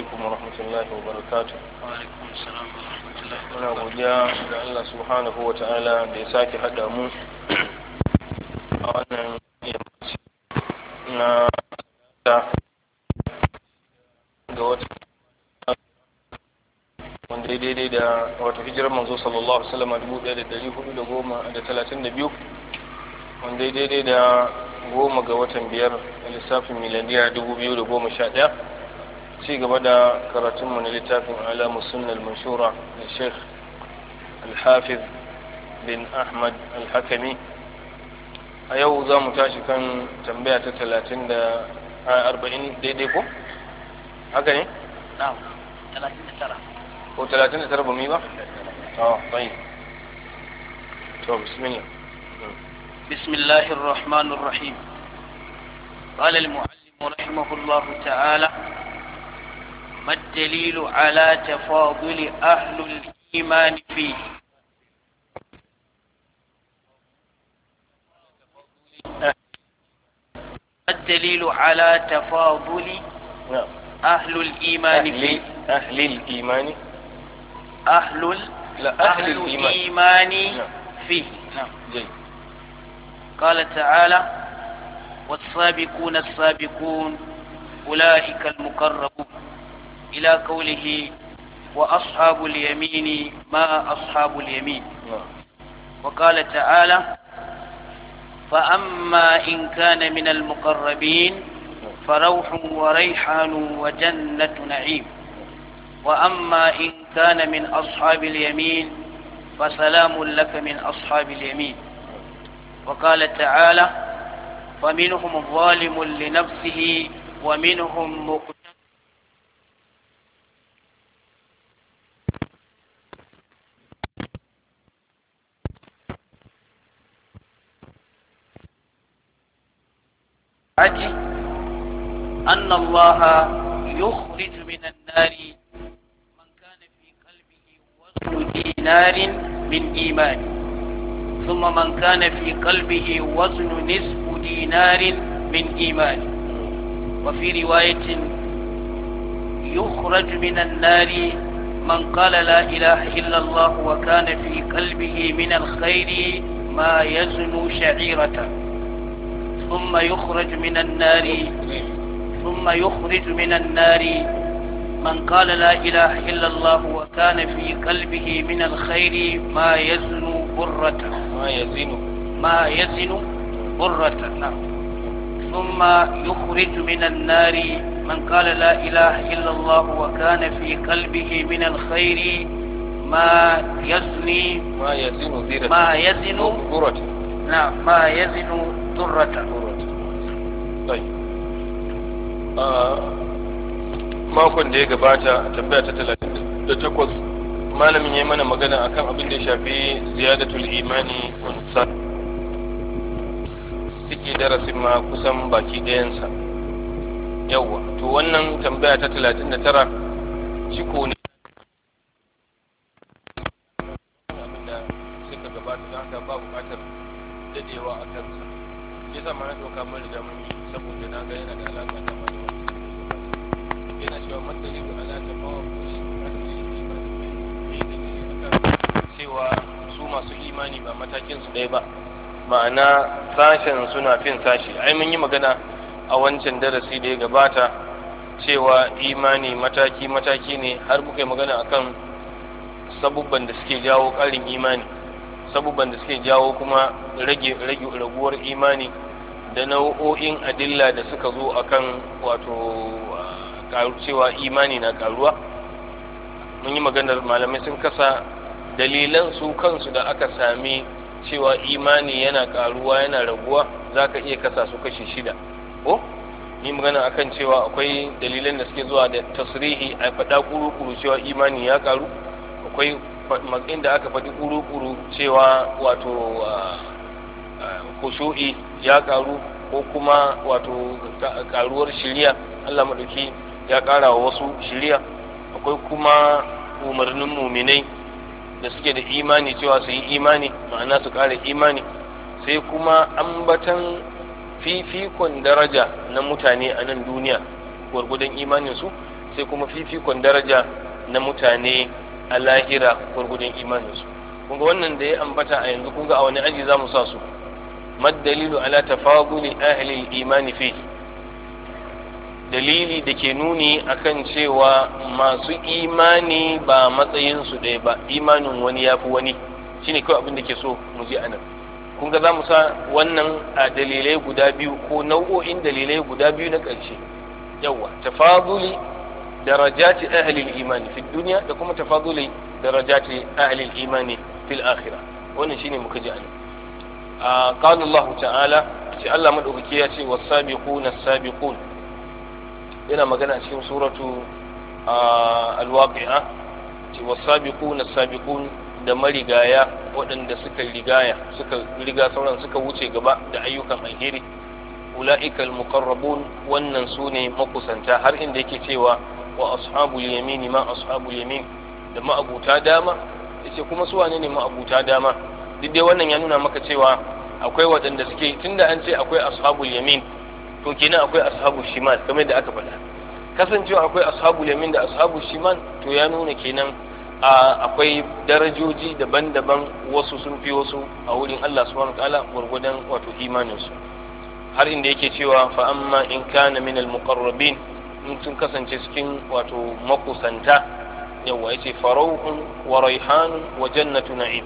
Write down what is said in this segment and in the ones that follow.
alaikum wa rahmatullahi wa barakatu muna godiya ga Allah subhanahu wa ta'ala da ya sake haɗa mu a wannan yammaci na ta ga wata wanda daidai da wata hijirar manzo sallallahu alaihi wasallam dubu ɗaya da ɗari hudu da goma da talatin da biyu wanda daidai da goma ga watan biyar lissafin miladiya dubu biyu da goma sha ɗaya ci gaba da karatunmu na littafin alamu sunnal manshura da sheikh alhafiz bin ahmad alhakami a yau za mu tashi kan tambaya ta talatin da arba'in daidai ko haka ne? na'am talatin da tara ko talatin da tara ba mu yi ba? a tsayi to bismillah bismillahir rahmanir rahim قال المعلم رحمه الله تعالى ما الدليل على تفاضل أهل الإيمان فيه ما الدليل على تفاضل أهل الإيمان فيه أهل الإيمان أهل لا أهل, الإيمان, نعم. فيه نعم، قال تعالى والسابقون السابقون أولئك المقربون إلى قوله وأصحاب اليمين ما أصحاب اليمين وقال تعالى فأما إن كان من المقربين فروح وريحان وجنة نعيم وأما إن كان من أصحاب اليمين فسلام لك من أصحاب اليمين وقال تعالى فمنهم ظالم لنفسه ومنهم مقتل الحج أن الله يخرج من النار من كان في قلبه وزن دينار من إيمان ثم من كان في قلبه وزن نصف دينار من إيمان وفي رواية يخرج من النار من قال لا إله إلا الله وكان في قلبه من الخير ما يزن شعيرة ثم يخرج من النار ثم يخرج من النار من قال لا إله إلا الله وكان في قلبه من الخير ما يزن برة ما يزن ما يزن برة نعم ثم يخرج من النار من قال لا إله إلا الله وكان في قلبه من الخير ما يزن ما يزن ما يزن برة نعم ما يزن ذرة طيب makon da ya gabata tambaya ta talatin da takwas malamin ya mana magana akan abin da ya shafi ziyadatul imani unsa suke darasin ma kusan baki ɗayansa yawwa to wannan tambaya ta talatin da tara ciko ne abin da suka gabata don haka ba bukatar dadewa a kansa yasa ma na doka mun riga mun yi saboda na ga yana da alaka da ma yana cewa matsayi da ala ta fawa kuli asiri ne ba cewa su masu imani ba matakin su ɗaya ba ma'ana sashen suna fin sashi ai mun yi magana a wancan darasi da ya gabata cewa imani mataki mataki ne har muka yi magana akan sabubban da suke jawo ƙarin imani sabubban da suke jawo kuma rage raguwar imani da nau'o'in adilla da suka zo akan wato cewa imani na karuwa mun yi maganar malamai sun kasa dalilan su kansu da aka sami cewa imani yana karuwa yana raguwa za ka iya kasa su kashe shida ko yi magana akan cewa akwai dalilan da suke zuwa da tasirihi a faɗa kuru-kuru cewa imani ya karu akwai inda aka faɗi ƙuru-ƙuru cewa wato ah, ah, kushu'i ya karu ko kuma wato karuwar shiriya Allah maɗauki ya ƙara wa wasu shiriya akwai kuma umarnin muminai da suke da imani cewa su yi imani ma'ana su ƙara imani sai kuma ambatan fifikon daraja na mutane a nan duniya gwargwadon imaninsu sai kuma fifikon daraja na mutane a lahira gurgudun imaninsu kunga wannan da ya ambata a yanzu kunga a wani aji za mu sa su maddalilu ala tafaguli ahli imani fi dalili da ke nuni akan cewa masu imani ba matsayinsu ɗaya ba imanin wani ya fi wani shine kawai abin da ke so mu je anan kunga za mu sa wannan a dalilai guda biyu ko nau'o'in dalilai guda biyu na ƙarshe yawa tafaduli darajati ahli al-iman fi dunya da kuma tafaduli darajati ahli al-iman fi al-akhirah wannan shine muka ji anan قال الله تعالى ce Allah madaukaki ya ce wasabiqun as-sabiqun yana magana a cikin suratu al-waqi'a ce wasabiqun as-sabiqun da marigaya waɗanda suka riga sauran suka wuce gaba da ayyukan alheri mu muqarrabun wannan su ne makusanta har inda yake cewa wa ashabul yamini ma ashabul yamin da ma'abuta dama yace kuma su wane ne ma'abuta dama duk dai wannan ya nuna maka cewa akwai waɗanda suke tunda an ce akwai ashabul yamin to kenan akwai ashabul shimal kamar da aka faɗa kasancewa akwai ashabul yamin da ashabul shimal to ya nuna kenan akwai darajoji daban-daban wasu sun fi wasu a wurin Allah subhanahu wataala gwargwadon wato su har inda yake cewa fa amma in kana min al-muqarrabin in sun kasance cikin wato makusanta yawa ce farauhun wa raihan wa jannatu na'im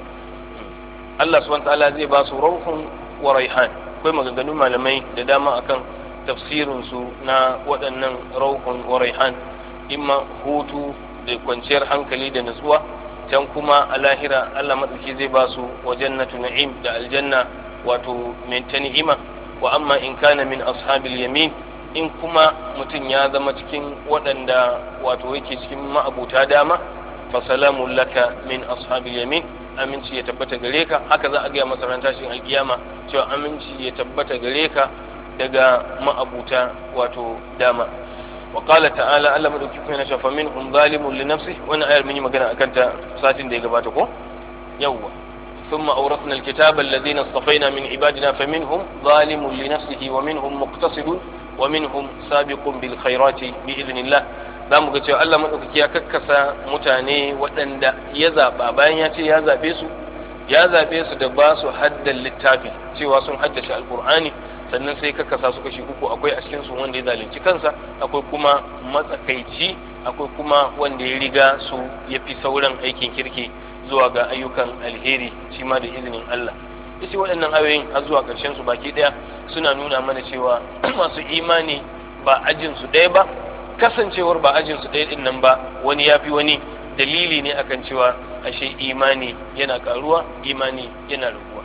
Allah subhanahu ta'ala zai ba su rauhun wa raihan akwai maganganun malamai da dama akan tafsirin su na waɗannan rauhun wa raihan imma hutu da kwanciyar hankali da nutsuwa can kuma a lahira Allah madauki zai ba su wa jannatu na'im da aljanna wato mai ta ni'ima wa amma in kana min ashabil yamin in kuma mutum ya zama cikin waɗanda wato yake cikin ma'abuta dama fasalamun salamun laka min ashabil yamin aminci ya tabbata gare ka haka za a gaya masa ran tashin alkiyama cewa aminci ya tabbata gare ka daga ma'abuta wato dama wa qala ta'ala Allah madauki kuma yana shafa min hum zalimun li nafsi wannan ayar mun yi magana akan ta satin da ya gabata ko yawwa ثم أورثنا الكتاب الذين اصطفينا من عبادنا فمنهم ظالم لنفسه ومنهم مقتصد wa minhum sabiqun bil khairati bi idnillah za mu ga cewa Allah madaukaki ya kakkasa mutane waɗanda ya zaba bayan ya ce ya zabe su ya zabe su da ba su haddan littafi cewa sun haddace alqur'ani sannan sai kakkasa su kashi uku akwai a cikin su wanda ya zalunci kansa akwai kuma matsakaici akwai kuma wanda ya riga su ya fi sauran aikin kirki zuwa ga ayyukan alheri shi ma da izinin Allah isi waɗannan ayoyin har zuwa ƙarshen su baki ɗaya suna nuna mana cewa masu imani ba ajin su ɗaya ba kasancewar ba ajin su ɗaya dinnan nan ba wani ya fi wani dalili ne akan cewa ashe imani yana karuwa imani yana raguwa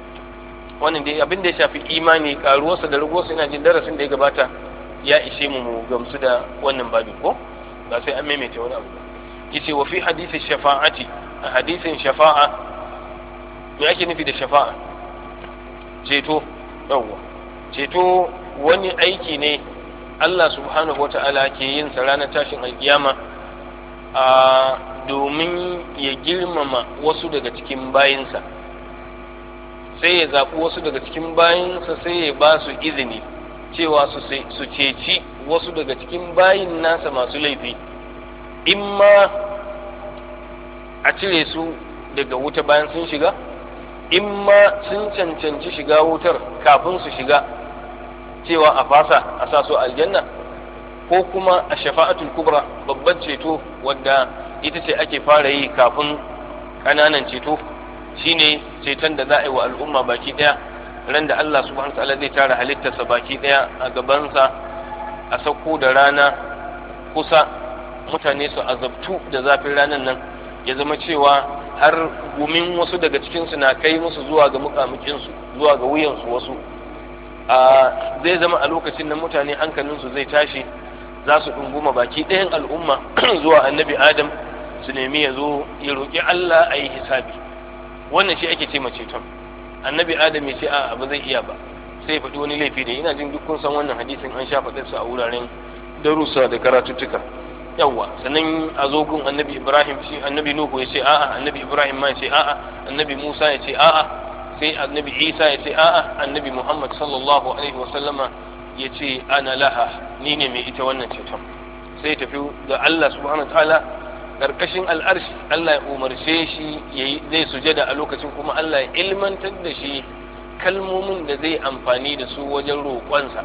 wannan dai abin da ya shafi imani karuwarsa da raguwarsa yana jin darasin da ya gabata ya ishe mu mu gamsu da wannan babin ko ba sai an maimaita wani abu ba yace wa fi hadisi shafa'ati a hadisin shafa'a me ake nufi da shafa'a ceto yawwa ceto wani aiki ne Allah subhanahu wata'ala ke yin sa ranar tashin alkiyama a domin ya girmama wasu daga cikin bayinsa sai ya zaɓi wasu daga cikin bayinsa sai ya ba su izini cewa su ceci wasu daga cikin bayin nasa masu laifi in ma a cire su daga wuta bayan sun shiga in ma sun cancanci shiga wutar kafin su shiga cewa a fasa a sa su aljanna ko kuma a shafa'atul kubra babban ceto wadda ita ce ake fara yi kafin ƙananan ceto shine ceton da za a yi wa al'umma baki ɗaya ran da Allah subhanahu ta'ala zai tara halittarsa baki ɗaya a gabansa a sauko da rana kusa mutane su azabtu da zafin ranar nan ya zama cewa har gumin wasu daga cikinsu na kai musu zuwa ga mukamukinsu zuwa ga wuyansu wasu zai zama a lokacin nan mutane hankalinsu zai tashi za su ɗunguma baki ɗayan al'umma zuwa annabi adam su nemi ya zo ya roƙi allah a yi hisabi wannan shi ake ce mace ton annabi adam ya ce a ba zai iya ba sai ya faɗi wani laifi da ina jin duk kun san wannan hadisin an sha faɗarsa a wuraren darussa da karatuttuka yawa sannan a zo gun annabi ibrahim shi annabi nuhu ya ce a'a annabi ibrahim ma ya ce a'a annabi musa ya ce a'a sai annabi isa ya ce a'a annabi muhammad sallallahu alaihi wasallama ya ce ana laha ni ne mai ita wannan ceton sai tafi ga allah subhanahu wa ta'ala karkashin al'arshi allah ya umarce shi yayi zai sujada a lokacin kuma allah ya ilmantar da shi kalmomin da zai amfani da su wajen roƙonsa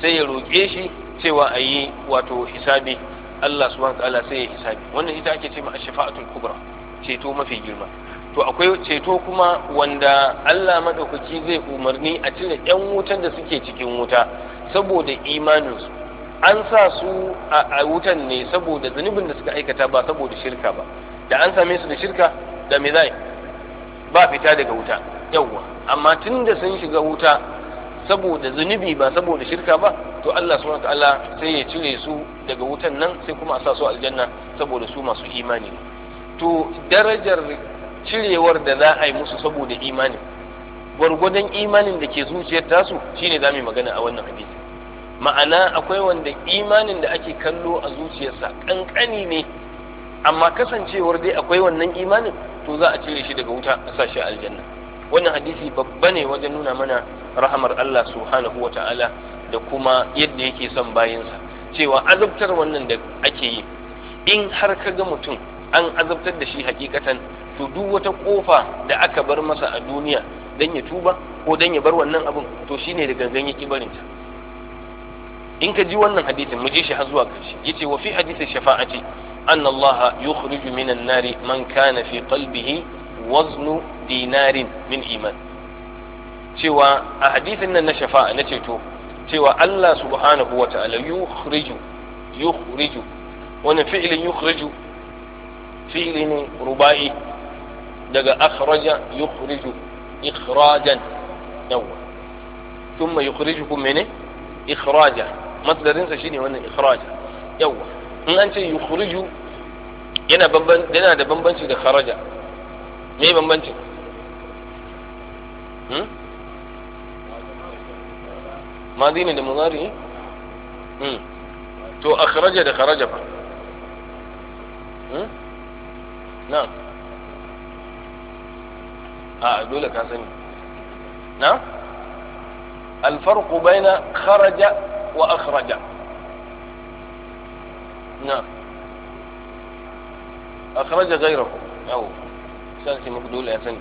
sai ya roƙe shi cewa a yi wato hisabi Allah subhanahu Allah sai ya hisabi wannan ita ake ce ma shafa'atul kubra ceto mafi girma to akwai ceto kuma wanda Allah madaukaki zai umarni a cire yan wutan da suke cikin wuta saboda imaninsu an sa su a wutan ne saboda zunubin da suka aikata ba saboda shirka ba da an same su da shirka da me zai ba fita daga wuta yawwa amma da sun shiga wuta saboda zunubi ba saboda shirka ba to Allah subhanahu ta'ala sai ya cire su daga wutan nan sai kuma a sa su aljanna saboda su masu imani to darajar cirewar da za a yi musu saboda imani gwargwadon imanin da ke zuciyar tasu shine zamu magana a wannan hadisi ma'ana akwai wanda imanin da ake kallo a zuciyarsa kankani ne amma kasancewar dai akwai wannan imanin to za a cire shi daga wuta a sa shi aljanna wannan hadisi babba ne wajen nuna mana rahamar Allah subhanahu wa ta'ala da kuma yadda yake son bayansa cewa azabtar wannan da ake yi in har ka ga mutum an azabtar da shi hakikatan to duk wata kofa da aka bar masa a duniya dan ya tuba ko dan ya bar wannan abun to shine da gangan yake barinta in ka ji wannan hadisin mu je shi har zuwa ƙarshe yace wa fi hadisi shafa'ati أن الله يخرج من النار من كان في قلبه وزن دينار من إيمان cewa a hadisin nan na shafa'a na ceto cewa Allah subhanahu wa ta'ala yukhriju yukhriju wani fi'ilin yukhriju fi'ilin ruba'i daga akhraja yukhriju ikhrajan yawa thumma yukhrijukum mene ikhraja masdarin sa shine wannan ikhraja yawa in an ce yukhriju yana bamban yana da bambanci da kharaja me bambancin hmm? ماضي من المضاري امم تو اخرج ده خرج فا نعم اه دولة كاسني نعم الفرق بين خرج واخرج نعم اخرج غيره او سنسي مقدول يا سني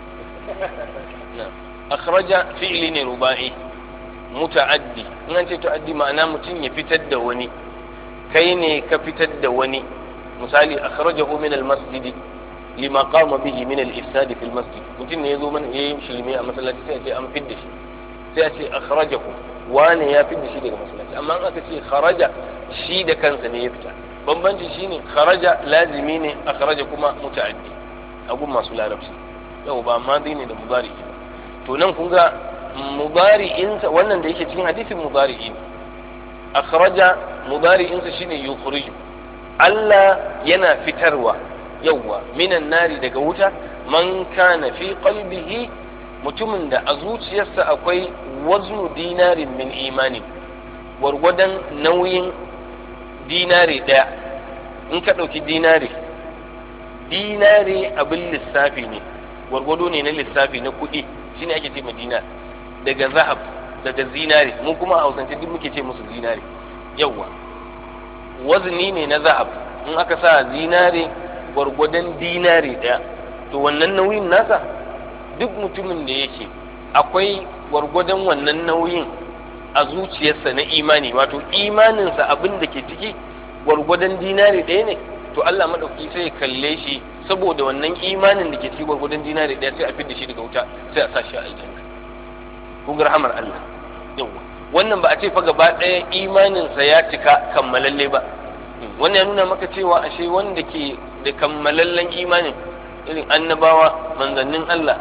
نعم اخرج فعل رباعي muta'addi in an ce ta'addi ma'ana mutum ya fitar da wani kai ne ka fitar da wani misali akhrajahu min al lima qama bihi min al-ifsad fi al mutum ne yazo mana yayin shirme a masallaci sai a ce an fidda shi sai a ce akhrajahu wane ya fidda shi daga masallaci amma in aka ce kharaja shi da kansa ne ya fita bambanci shine kharaja lazimi ne akhraja kuma muta'addi a gun masu larabci yau ba madi ne da mudari to nan kun ga mudari'insa wannan da yake cikin hadisin mubari'in akhraja mudari'insa shine yukhriju Allah yana fitarwa yawwa minan nari daga wuta man kana fi qalbihi mutumin da a zuciyarsa akwai waznu dinarin min imani gwargwadon nauyin dinari ɗaya in ka ɗauki dinari dinari abin lissafi ne gwargwado ne na lissafi na kuɗi shine ake ce dinar daga zahab daga zinare mu kuma a hausance duk muke ce musu zinare yawwa wazni ne na zahab in aka sa zinare gwargwadon dinare ɗaya to wannan nauyin nasa duk mutumin da yake akwai gwargwadon wannan nauyin a zuciyarsa na imani wato imaninsa abin da ke ciki gwargwadon dinari ɗaya ne to Allah maɗauki sai ya kalle shi saboda wannan imanin da ke ciki gwargwadon dinare ɗaya sai a fidda shi daga wuta sai a sa shi a aljanna kun rahamar Allah yawa wannan ba a ce fa gaba ɗaya imaninsa ya cika kammalalle ba wannan ya nuna maka cewa ashe wanda ke da kammalallen imanin irin annabawa manzannin Allah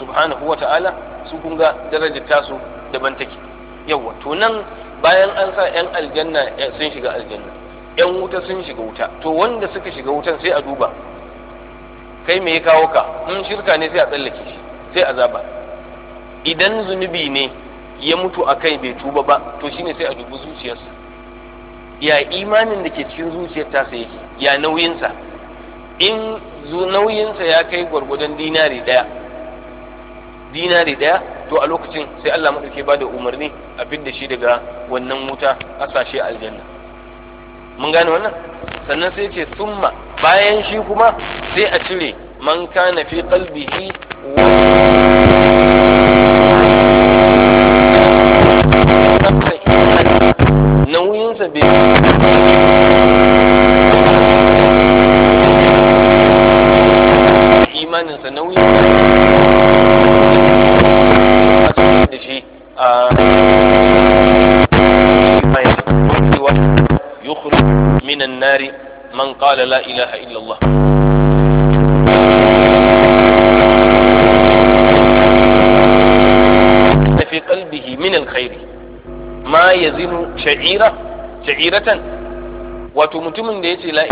subhanahu ta'ala su kun ga darajar tasu daban take yawa to nan bayan an sa yan aljanna sun shiga aljanna yan wuta sun shiga wuta to wanda suka shiga wutan sai a duba kai me ya kawo ka in shirka ne sai a tsallake shi sai azaba idan zunubi ne ya mutu a kai bai tuba ba to shine sai a dubi zuciyarsa ya imanin da ke cikin zuciyar tasa yake ya nauyinsa in nauyinsa ya kai gwargwadon dinari daya dinari daya to a lokacin sai Allah maɗauke ba da umarni a fidda shi daga wannan wuta a sashe aljanna mun gane wannan sannan sai ce summa bayan shi kuma sai a cire man kana fi qalbihi wa nauyinsa bai imaninsa nauyinsa a da shi a يخرج من النار من قال لا إله إلا الله sha'ira sha'iratan wato mutumin da ya ce la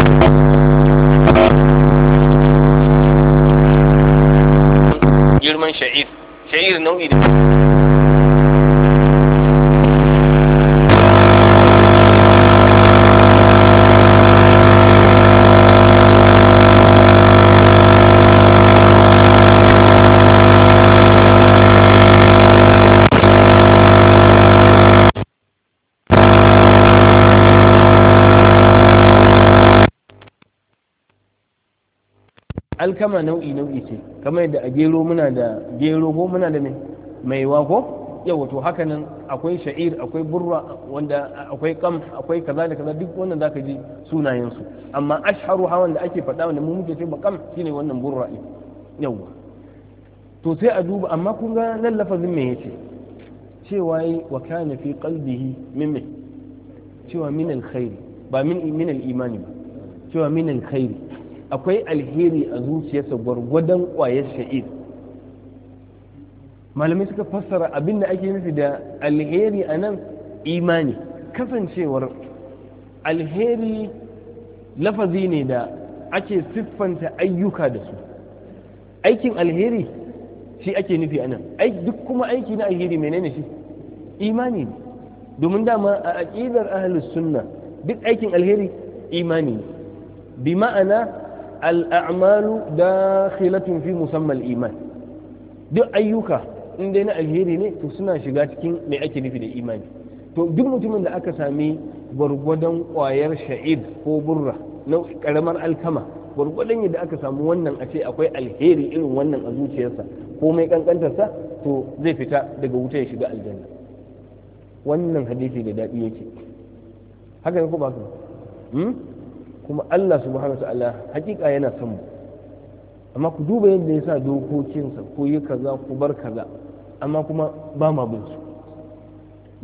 girman sha'ir sha'ir nau'i da alkama nau'i nau'i ce kamar yadda a gero muna da gero ko muna da mai wako yawa to haka nan akwai sha'ir akwai burra wanda akwai kam akwai kaza da kaza duk wannan zaka ji sunayen su amma asharu hawan da ake faɗa wanda mu muke ce ba kam shine wannan burra ne yawa to sai a duba amma kun ga nan lafazin me yace cewa yi wa kana fi qalbihi min cewa min alkhairi ba min min al-imani ba cewa min alkhairi akwai alheri a zuciyarsa gwargwadon ƙwayar sha'id malamai suka fassara abin da ake nufi da alheri a nan imani kasancewar alheri lafazi ne da ake siffanta ayyuka da su aikin alheri shi ake nufi a nan duk kuma aiki na alheri menene shi imani ne domin dama a aƙidar ahalus sunna duk aikin alheri imani ne bi ma'ana al'amalu dakhilatun fi musamman iman duk ayyuka in dai na alheri ne to suna shiga cikin mai ake nufi da imani to duk mutumin da aka sami gwargwadon kwayar sha'id ko burra na karamar alkama gwargwadon yadda aka samu wannan a ce akwai alheri irin wannan a zuciyarsa ko mai kankantarsa to zai fita daga wuta ya shiga aljanna wannan hadisi da daɗi yake haka ne ko ba su kuma Allah subhanahu ta'ala hakika yana son mu amma ku duba yadda ya sa dokokinsa ko yi kaza ku bar kaza amma kuma ba ma bin su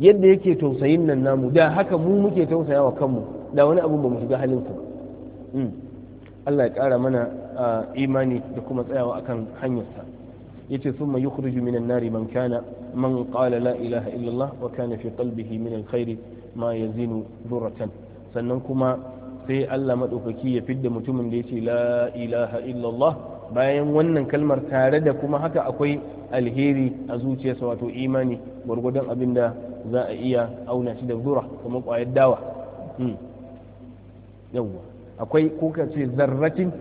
yadda yake tausayin nan namu da haka mu muke tausaya wa kanmu da wani abu ba mu shiga halin ba. Hmm. Allah ya ƙara mana imani da kuma tsayawa akan hanyarsa yace summa yukhriju minan nari man kana man qala la ilaha illallah wa kana fi qalbihi min alkhairi ma yazinu durratan sannan kuma sai Allah maɗaukaki ya fidda mutumin da ya ce la ilaha illallah bayan wannan kalmar tare da kuma haka akwai alheri a zuciyarsa wato imani gwargwadon abin da za a iya auna shi da zura kuma ƙwayar dawa hmm. yawwa akwai ko ka ce zarratin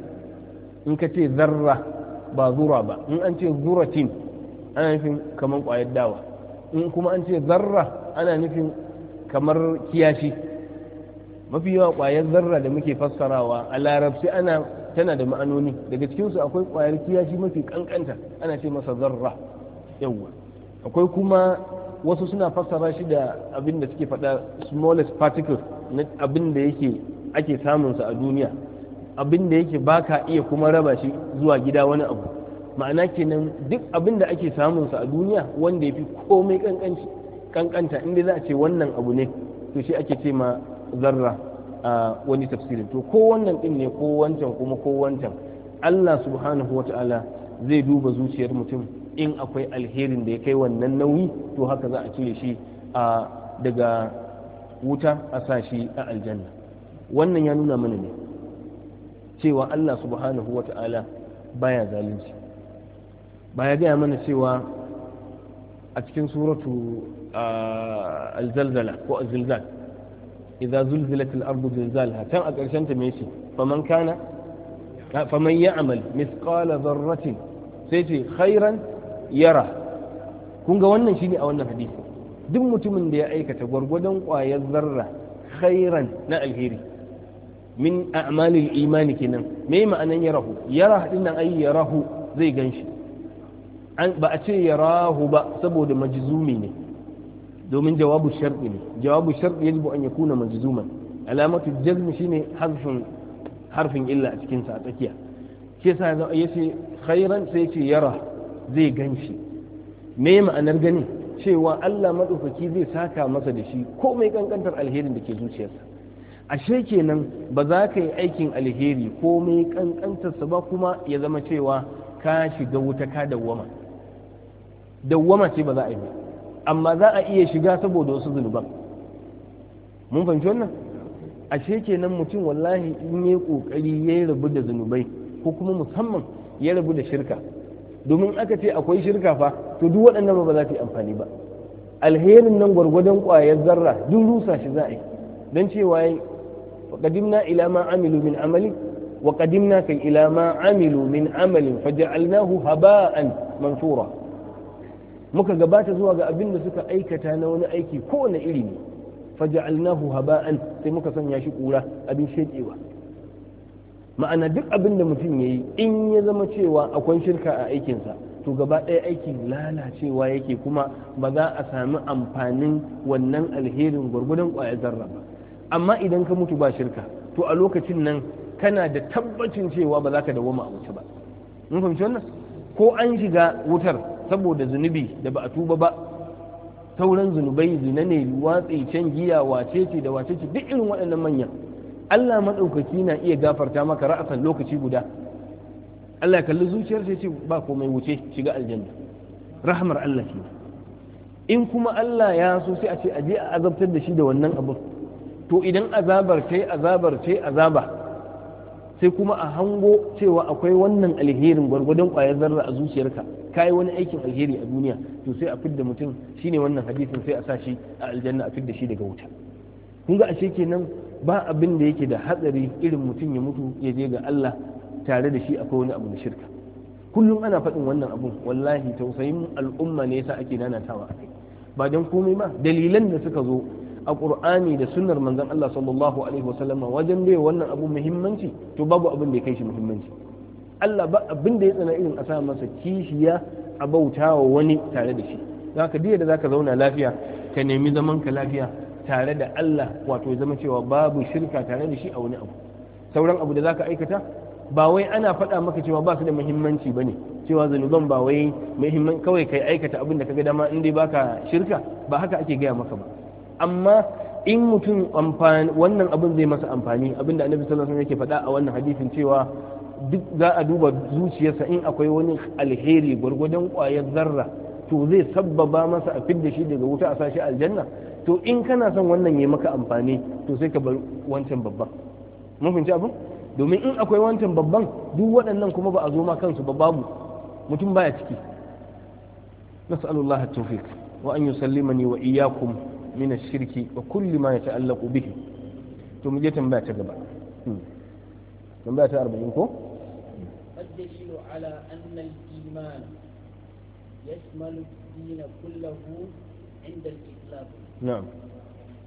in ka ce zarra ba zura ba in an ce zuratin ana nufin kamar ƙwayar dawa in kuma an ce zarra ana nufin kamar kiyashi mafi yawa ƙwayar zarra da muke fassarawa a larabci ana tana da ma'anoni daga cikinsu akwai ƙwayar kiyashi mafi kankanta ana ce masa zarra yawa akwai kuma wasu suna fassara shi da abin da suke faɗa smallest particle na abin da yake ake samunsa a duniya abin da yake baka iya kuma raba shi zuwa gida wani abu ma'ana kenan duk abin da ake samunsa a duniya wanda ya fi komai kankanta inda za a ce wannan abu ne to shi ake ce ma zarra a wani tafsirin to ko wannan din ne ko wancan kuma ko wancan Allah subhanahu wa ta'ala zai duba zuciyar mutum in akwai alherin da ya kai wannan nauyi to haka za a cire shi a daga wuta a sa shi a aljanna wannan ya nuna mana ne cewa Allah subhanahu wa ta'ala baya zalunci baya gaya mana cewa a cikin suratu alzalzala ko azilzal idza zulzilat al-ardu zilzalha tan a ƙarshen ta me shi faman kana faman ya'mal misqala dharratin sai ce khairan yara kun wannan shine a wannan hadisi duk mutumin da ya aikata gwargwadon ƙwayar zarra khairan na alheri min a'malil imani kenan me ma'anan yarahu yara din nan ai yarahu zai ganshi an ba a ce yarahu ba saboda majizumi ne domin jawabu sharɗi ne jawabu sharɗi yajibu an yakuna majzuman alamatu jazm shine harfin harfin illa a cikin sa a tsakiya shi yasa yace khairan sai ce yara zai ganshi me ma'anar gani cewa Allah madaukaki zai saka masa da shi ko mai kankantar alherin da ke zuciyarsa ashe kenan ba za ka yi aikin alheri ko mai kankantarsa ba kuma ya zama cewa ka shiga wuta ka dawwama dawwama ce ba za a yi ba amma za a iya shiga saboda wasu zunuban mun fahimci wannan ashe kenan mutum wallahi in yi kokari ya rabu da zunubai ko kuma musamman ya rabu da shirka domin aka ce akwai shirka fa to duk waɗannan ba za ta yi amfani ba alherin nan gwargwadon ƙwayar zarra duk rusa shi za a yi don cewa yi wa qadimna ila ma amilu min amalin wa ƙadimna kai ila ma amilu min amalin ja'alnahu haba'an mansura muka gabata zuwa ga abin da suka aikata na wani aiki kowane iri ne faja'alnahu haba'an sai muka sanya shi kura abin shekewa ma'ana duk abin da mutum ya yi in ya zama cewa akwai shirka a aikinsa to gaba ɗaya aikin lalacewa yake kuma ba za a sami amfanin wannan alherin gwargwadon ƙwayar zarra ba amma idan ka mutu ba shirka to a lokacin nan kana da tabbacin cewa ba za ka dawoma a wuce ba ko an shiga wutar saboda zunubi da ba a tuba ba sauran zunubai zina ne watsi can giya wacece da wacece duk irin waɗannan manyan Allah maɗaukaki na iya gafarta maka ra'asan lokaci guda Allah kalli zuciyar sai ce ba komai wuce shiga aljanna rahmar Allah ke in kuma Allah ya so sai a ce a je a azabtar da shi da wannan abu to idan azabar ce azabar ce azaba sai kuma a hango cewa akwai wannan alherin gwargwadon kwayar zarra a zuciyarka Ka yi wani aikin alheri a duniya to sai a fidda mutum shine wannan hadisin sai a sa shi a aljanna a fidda shi daga wuta kun ga ashe kenan ba abin da yake da hatsari irin mutum ya mutu ya je ga Allah tare da shi akwai wani abu na shirka kullum ana faɗin wannan abun wallahi tausayin al'umma ne yasa ake nanatawa a kai ba don komai ba dalilan da suka zo a qur'ani da sunnar manzon Allah sallallahu alaihi Wasallama wajen bai wannan abu muhimmanci to babu abin da ya kai shi muhimmanci Allah ba abin da ya tsana irin a sa masa kishiya a bauta wa wani tare da shi ka diya da za ka zauna lafiya ka nemi zaman ka lafiya tare da Allah wato zama cewa babu shirka tare da shi a wani abu sauran abu da za ka aikata ba wai ana faɗa maka cewa ba su da muhimmanci ba ne cewa zanuban ba wai muhimman kawai kai aikata abin da ka ga dama in dai baka shirka ba haka ake gaya maka ba amma in mutum wannan abin zai masa amfani abin da annabi sallallahu alaihi wasallam yake faɗa a wannan hadisin cewa duk za a duba zuciyarsa in akwai wani alheri gwargwadon ƙwayar zarra to zai sabbaba masa a fidda shi daga wuta a sashi aljanna to in kana son wannan ya maka amfani to sai ka bar wancan babban mun abin domin in akwai wancan babban duk waɗannan kuma ba a zo ma kansu ba babu mutum baya ciki nas'alullahi tawfiq wa an yusallimani wa iyyakum من الشرك وكل ما يتعلق به ثم bihi من بعد تقبع من بعد تقبع tambaya ta على أن الإيمان يشمل الدين كله عند الإطلاق نعم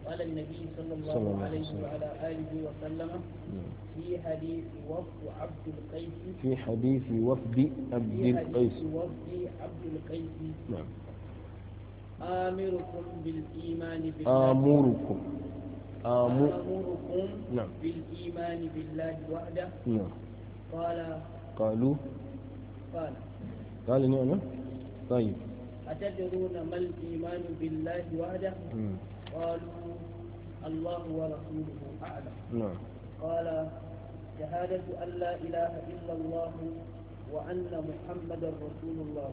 قال النبي صلى الله, صلى الله عليه وسلم. وعلى آله وسلم نعم. في حديث وفد عبد القيس في حديث وفد عبد القيس في حديث وفد عبد القيس نعم آمركم بالإيمان بالله آمركم آمركم نعم بالإيمان بالله وحده نعم قال قالوا قال قال نعم طيب أتدرون ما الإيمان بالله وحده قالوا الله ورسوله أعلم نعم قال شهادة أن لا إله إلا الله وأن محمدا رسول الله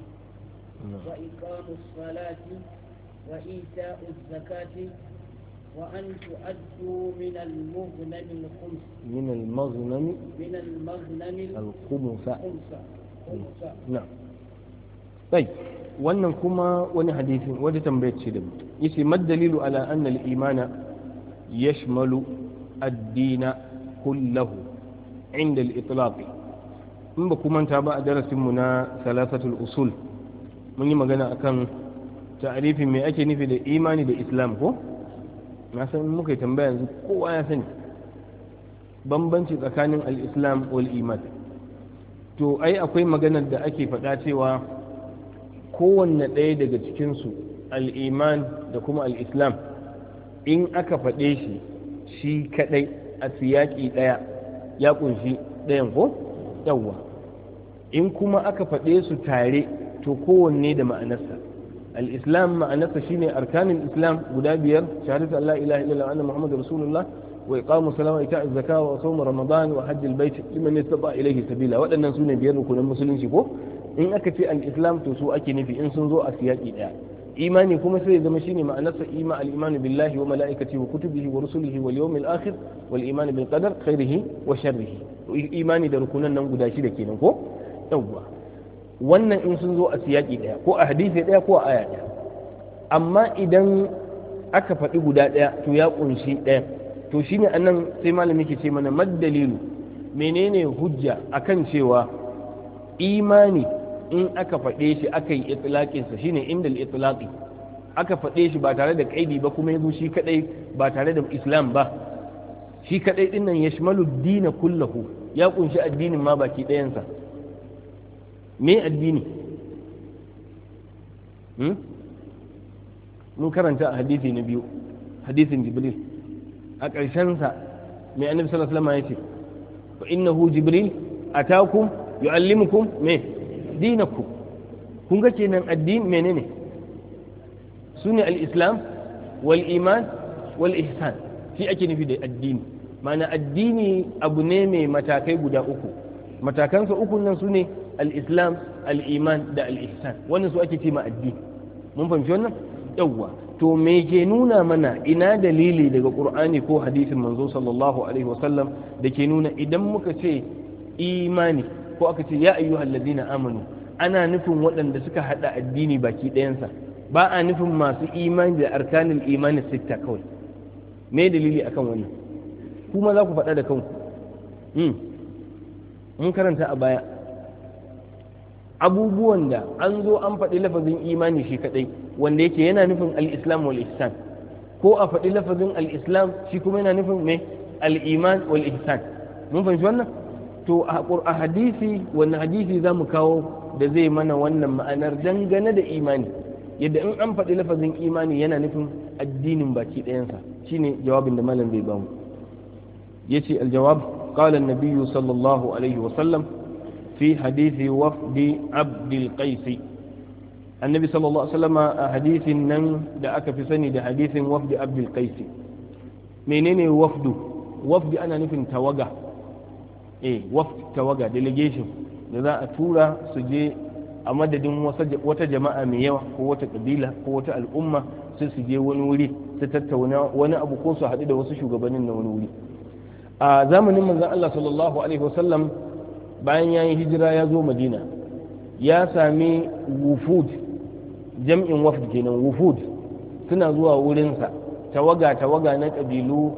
نعم. وإقام الصلاة وإيتاء الزكاة وأن تؤدوا من المغنم الخمس من المغنم من المغنم الخمس نعم طيب wannan kuma wani hadisin wata tambayar ce da yace mad dalilu ala anna al imana yashmalu ad-din kullahu inda al itlaq in ba kuma ta ba a darasin mu na salasatul usul mun yi magana akan ta'arifin me ake nufi da imani da islam ko na san muka tambaya yanzu kowa ya sani bambanci tsakanin al-islam wal iman to ai akwai maganar da ake faɗa cewa kowanne ɗaya daga cikinsu al-iman da kuma al-islam in aka faɗe shi shi kaɗai a siyaki ɗaya ya ƙunshi ɗayan ko yawwa in kuma aka faɗe su tare to kowanne da ma'anarsa al-islam ma'anarsa ne arkanin islam guda biyar shahadatu an la ilaha illallah anna muhammadur rasulullah wa iqamu salat wa ita'u zakat wa sawm wa hajj al-bait liman yastata ilayhi sabila waɗannan suna biyar rukunin musulunci ko in aka ce al-islam to su ake nufi in sun zo a siya siyaki daya imani kuma sai ya zama shine ma'anarsa ima al-imanu billahi wa mala'ikaci wa kutubihi wa rusulihi wal yawmil akhir wal iman bil qadar khairihi wa sharrihi imani da rukunan nan guda shida kenan ko yawwa wannan in sun zo a siyaki daya ko a hadisi daya ko a aya daya amma idan aka faɗi guda daya to ya kunshi daya to shine anan sai malami ke ce mana maddalilu menene hujja akan cewa imani in aka faɗe shi aka yi itlaqin sa shine indal itlaqi aka faɗe shi ba tare da kaidi ba kuma yazo shi kadai ba tare da islam ba shi kadai dinnan yashmalu dina kullahu ya kunshi addinin ma baki ɗayansa me addini hmm? mun karanta a hadisi na biyu hadisin jibril a ƙarshensa mai annabi sallallahu alaihi wasallam ya ce fa innahu jibril ataakum yu'allimukum me dinakum kun ga kenan addini menene sune al-islam wal iman wal ihsan shi ake nufi da addini ma'ana addini abu ne mai matakai guda uku matakansa uku nan ne. al-islam al-iman da al-ihsan wannan su ake ce ma addini mun fahimci wannan yawwa to me ke nuna mana ina dalili daga qur'ani ko hadisin manzo sallallahu alaihi wasallam da ke nuna idan muka ce imani ko aka ce ya ayyuhal ladina amanu ana nufin waɗanda suka haɗa addini baki ɗayansa ba a nufin masu imani da arkanin imanin sitta kawai me dalili akan wannan kuma za ku faɗa da kanku hmm. mun karanta a baya abubuwan da an zo an faɗi lafazin imani shi kaɗai wanda yake yana nufin al-islam wal ihsan ko a faɗi lafazin al-islam shi kuma yana nufin me al-iman wal ihsan mun fahimci wannan to a hadisi wannan hadisi za mu kawo da zai mana wannan ma'anar dangane da imani yadda in an faɗi lafazin imani yana nufin addinin baki ɗayansa shine jawabin da malam bai bamu yace al-jawab qala an-nabiy sallallahu alaihi wa sallam fi hadisi annabi sallallahu a hadisin nan da aka fi sani da hadisin wafdi abdul qaisi menene wafdu wafdi ana nufin tawaga eh wafdi tawaga delegation da za a tura su je a madadin wata jama'a mai yawa ko wata ƙabila ko wata al'umma sai su je wani wuri su tattauna wani abu ko su haɗu da wasu shugabannin na wani wuri a zamanin manzon Allah sallallahu alaihi wasallam bayan ya yi hijira ya zo madina ya sami wufud jam'in wafd kenan wufud suna zuwa wurinsa tawaga tawaga na ƙabilu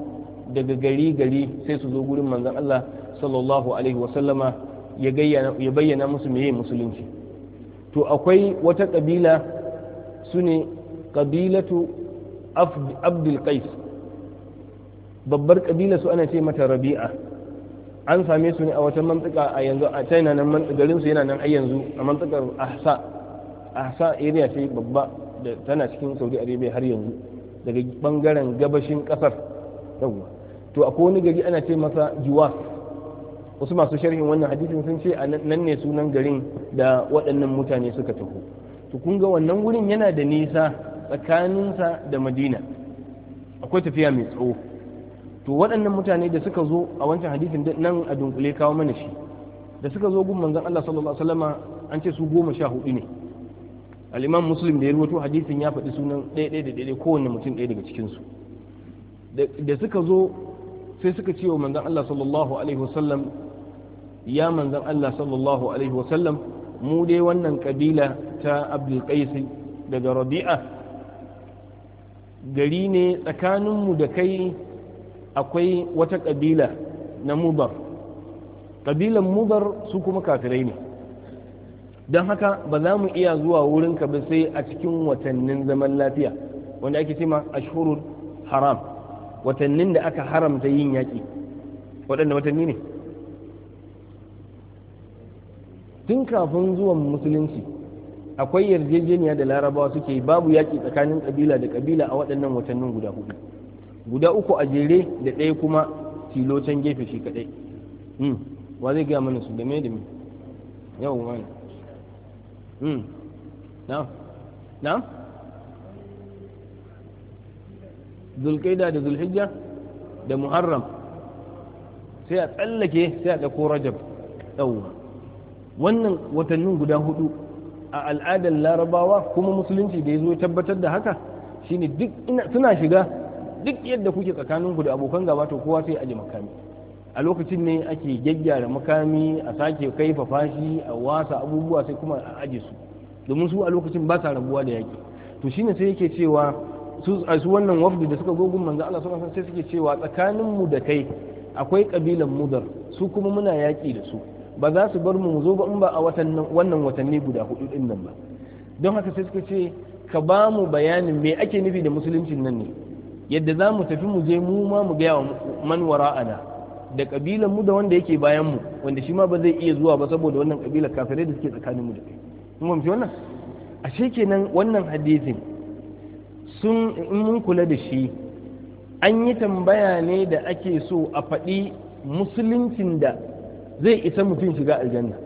daga gari gari sai su zo gurin manzon Allah sallallahu alaihi wasallama ya bayyana musu meye musulunci to akwai wata ƙabila su ne ƙabilatu abdul qais babbar ƙabila su ana ce mata rabi'a an same su ne a wata mantsika a yanzu a china nan garin su yana nan a yanzu a mantsikar ahsa ahsa area ce babba da tana cikin saudi arabia har yanzu daga bangaren gabashin kasar yawwa to a wani gari ana ce masa juwas wasu masu sharhin wannan hadisin sun ce a nan ne sunan garin da waɗannan mutane suka taho to kun ga wannan wurin yana da nisa tsakaninsa da madina akwai tafiya mai tsawo to waɗannan mutane da suka zo a wancan hadisin nan a dunkule kawo mana shi da suka zo gun manzon Allah sallallahu alaihi wasallama an ce su goma sha hudu ne al-imam muslim da ya rubuto hadisin ya faɗi sunan ɗaya ɗaya da ɗaya kowanne mutum ɗaya daga cikin su da suka zo sai suka ce wa manzon Allah sallallahu alaihi wasallam ya manzon Allah sallallahu alaihi wasallam mu dai wannan kabila ta Abdul Qais daga Rabi'a gari ne tsakaninmu da kai akwai wata kabila na mubar ƙabilan mubar su kuma kafirai ne don haka ba za mu iya zuwa wurin ka ba sai a cikin watannin zaman lafiya wanda ake cema ashhurul haram watannin da aka haramta yin yaƙi waɗanda watanni ne tun kafin zuwan musulunci akwai yarjejeniya da larabawa suke babu yaƙi tsakanin ƙabila da ƙabila a waɗannan watannin guda hudu guda uku a jere da ɗaya kuma tilo can gefe shi kaɗai hmm. wa zai gaya mana su game da me yau wani hmm. na na zulkaida da zulhijja da muharram sai a tsallake sai a ɗauko rajab yawwa wannan watannin guda hudu a al'adar larabawa kuma musulunci da ya zo tabbatar da haka shine duk suna shiga duk yadda kuke tsakanin ku da abokan gaba to kowa sai aje makami a lokacin ne ake gyaggyara makami a sake kai fafashi a wasa abubuwa sai kuma a aje su domin su a lokacin ba sa rabuwa da yaki to shine sai yake cewa su a su wannan wafdi da suka gogun manzo Allah sallallahu alaihi sai suke cewa tsakanin mu da kai akwai kabilan mudar su kuma muna yaki da su ba za su bar mu mu zo ba in ba a watan wannan watanni guda hudu din nan ba don haka sai suka ce ka ba mu bayanin me ake nufi da musuluncin nan ne yadda za mu tafi mu je mu ma mu gaya wa man ana da kabilan mu da wanda yake bayan mu wanda shi ma ba zai iya zuwa ba saboda wannan kabila kafirai da suke tsakanin mu da kai mun fahimci wannan ashe kenan wannan hadisin sun in mun kula da shi an yi tambaya ne da ake so a faɗi musuluncin da zai isa mutum shiga aljanna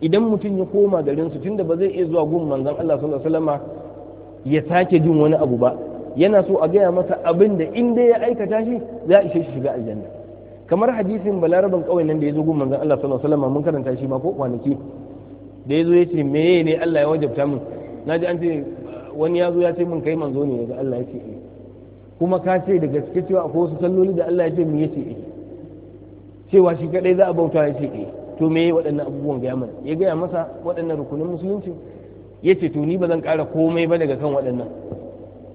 idan mutum ya koma garin su tunda ba zai iya zuwa gun manzon Allah sallallahu alaihi wasallama ya sake jin wani abu ba yana so a gaya masa abin da in dai ya aikata shi za a ishe shi shiga aljanna kamar hadisin balaraban kawai nan da ya zo gun manzon Allah sallallahu alaihi wasallam mun karanta shi ma ko kwanaki da ya zo ya ce meye ne Allah ya wajabta min na ji an ce wani ya zo ya ce min kai manzo ne daga Allah ya ce eh kuma ka ce da gaske cewa akwai wasu salloli da Allah ya ce mu ya ce eh cewa shi kadai za a bauta ya ce eh to meye waɗannan abubuwan gaya mana ya gaya masa waɗannan rukunin musulunci ya ce to ni ba zan ƙara komai ba daga kan waɗannan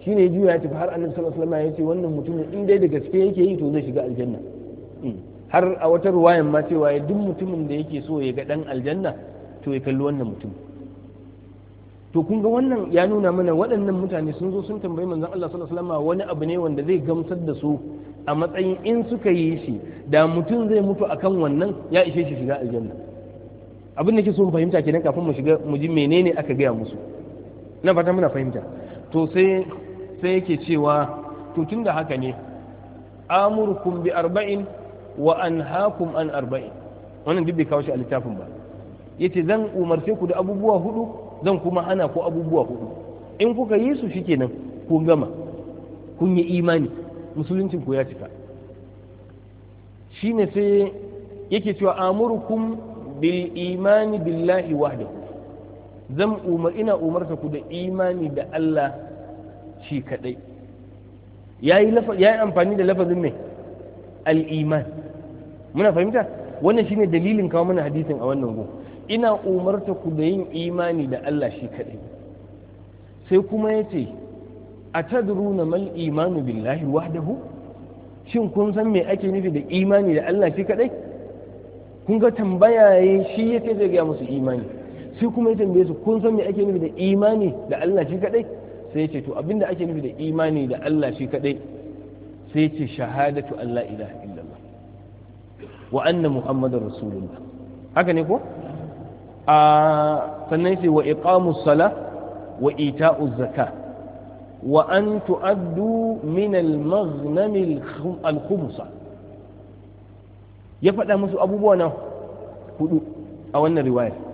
Shi ne juya ya ce har annabi sallallahu alaihi wasallam ya ce wannan mutumin in dai da gaske yake yi to zai shiga aljanna hmm. har a wata ruwayan ma cewa ya duk mutumin da yake so ya ga dan aljanna to ya kalli wannan mutum to kun ga wannan ya nuna mana waɗannan mutane sun zo sun tambayi manzon Allah sallallahu alaihi wasallam wani abu ne wanda zai gamsar da su a matsayin in suka yi shi da mutum zai mutu akan wannan ya ishe shi shiga aljanna abin da ke so mu fahimta kenan kafin mu shiga mu ji menene aka gaya musu na fata muna fahimta to sai sai yake cewa to tun da haka ne amurkum bi arba'in wa anhaakum an arba'in wannan duk bai kawo shi a littafin ba yace zan umarce ku da abubuwa hudu zan kuma hana ku abubuwa hudu in kuka yi su shikenan ku gama kun yi imani musuluncin ku ya cika shine sai yake cewa amurkum bil imani billahi wahdahu zan umar ina umarta ku da imani da Allah shi kadai ya yi amfani da lafazin mai al'iman muna fahimta wannan shine dalilin kawo mana hadisin a wannan gun ina umarta ku da yin imani da Allah shi kadai sai kuma ya ce a tadruna mal imanu billahi wahdahu shin kun san me ake nufi da imani da Allah shi kadai kun ga tambaya ya shi ya ce zai gaya musu imani sai kuma ya tambaye su kun san me ake nufi da imani da Allah shi kadai sai ce to abinda ake nufi da imani da Allah shi kadai sai ce shahadatu Allah ilaha illallah wa anna muhammadar rasulullah haka ne ko a sannan sai wa iqamus sala wa ita'uz zakah wa an tu'addu min al-maghnam al ya faɗa musu abubuwa na hudu a wannan riwayar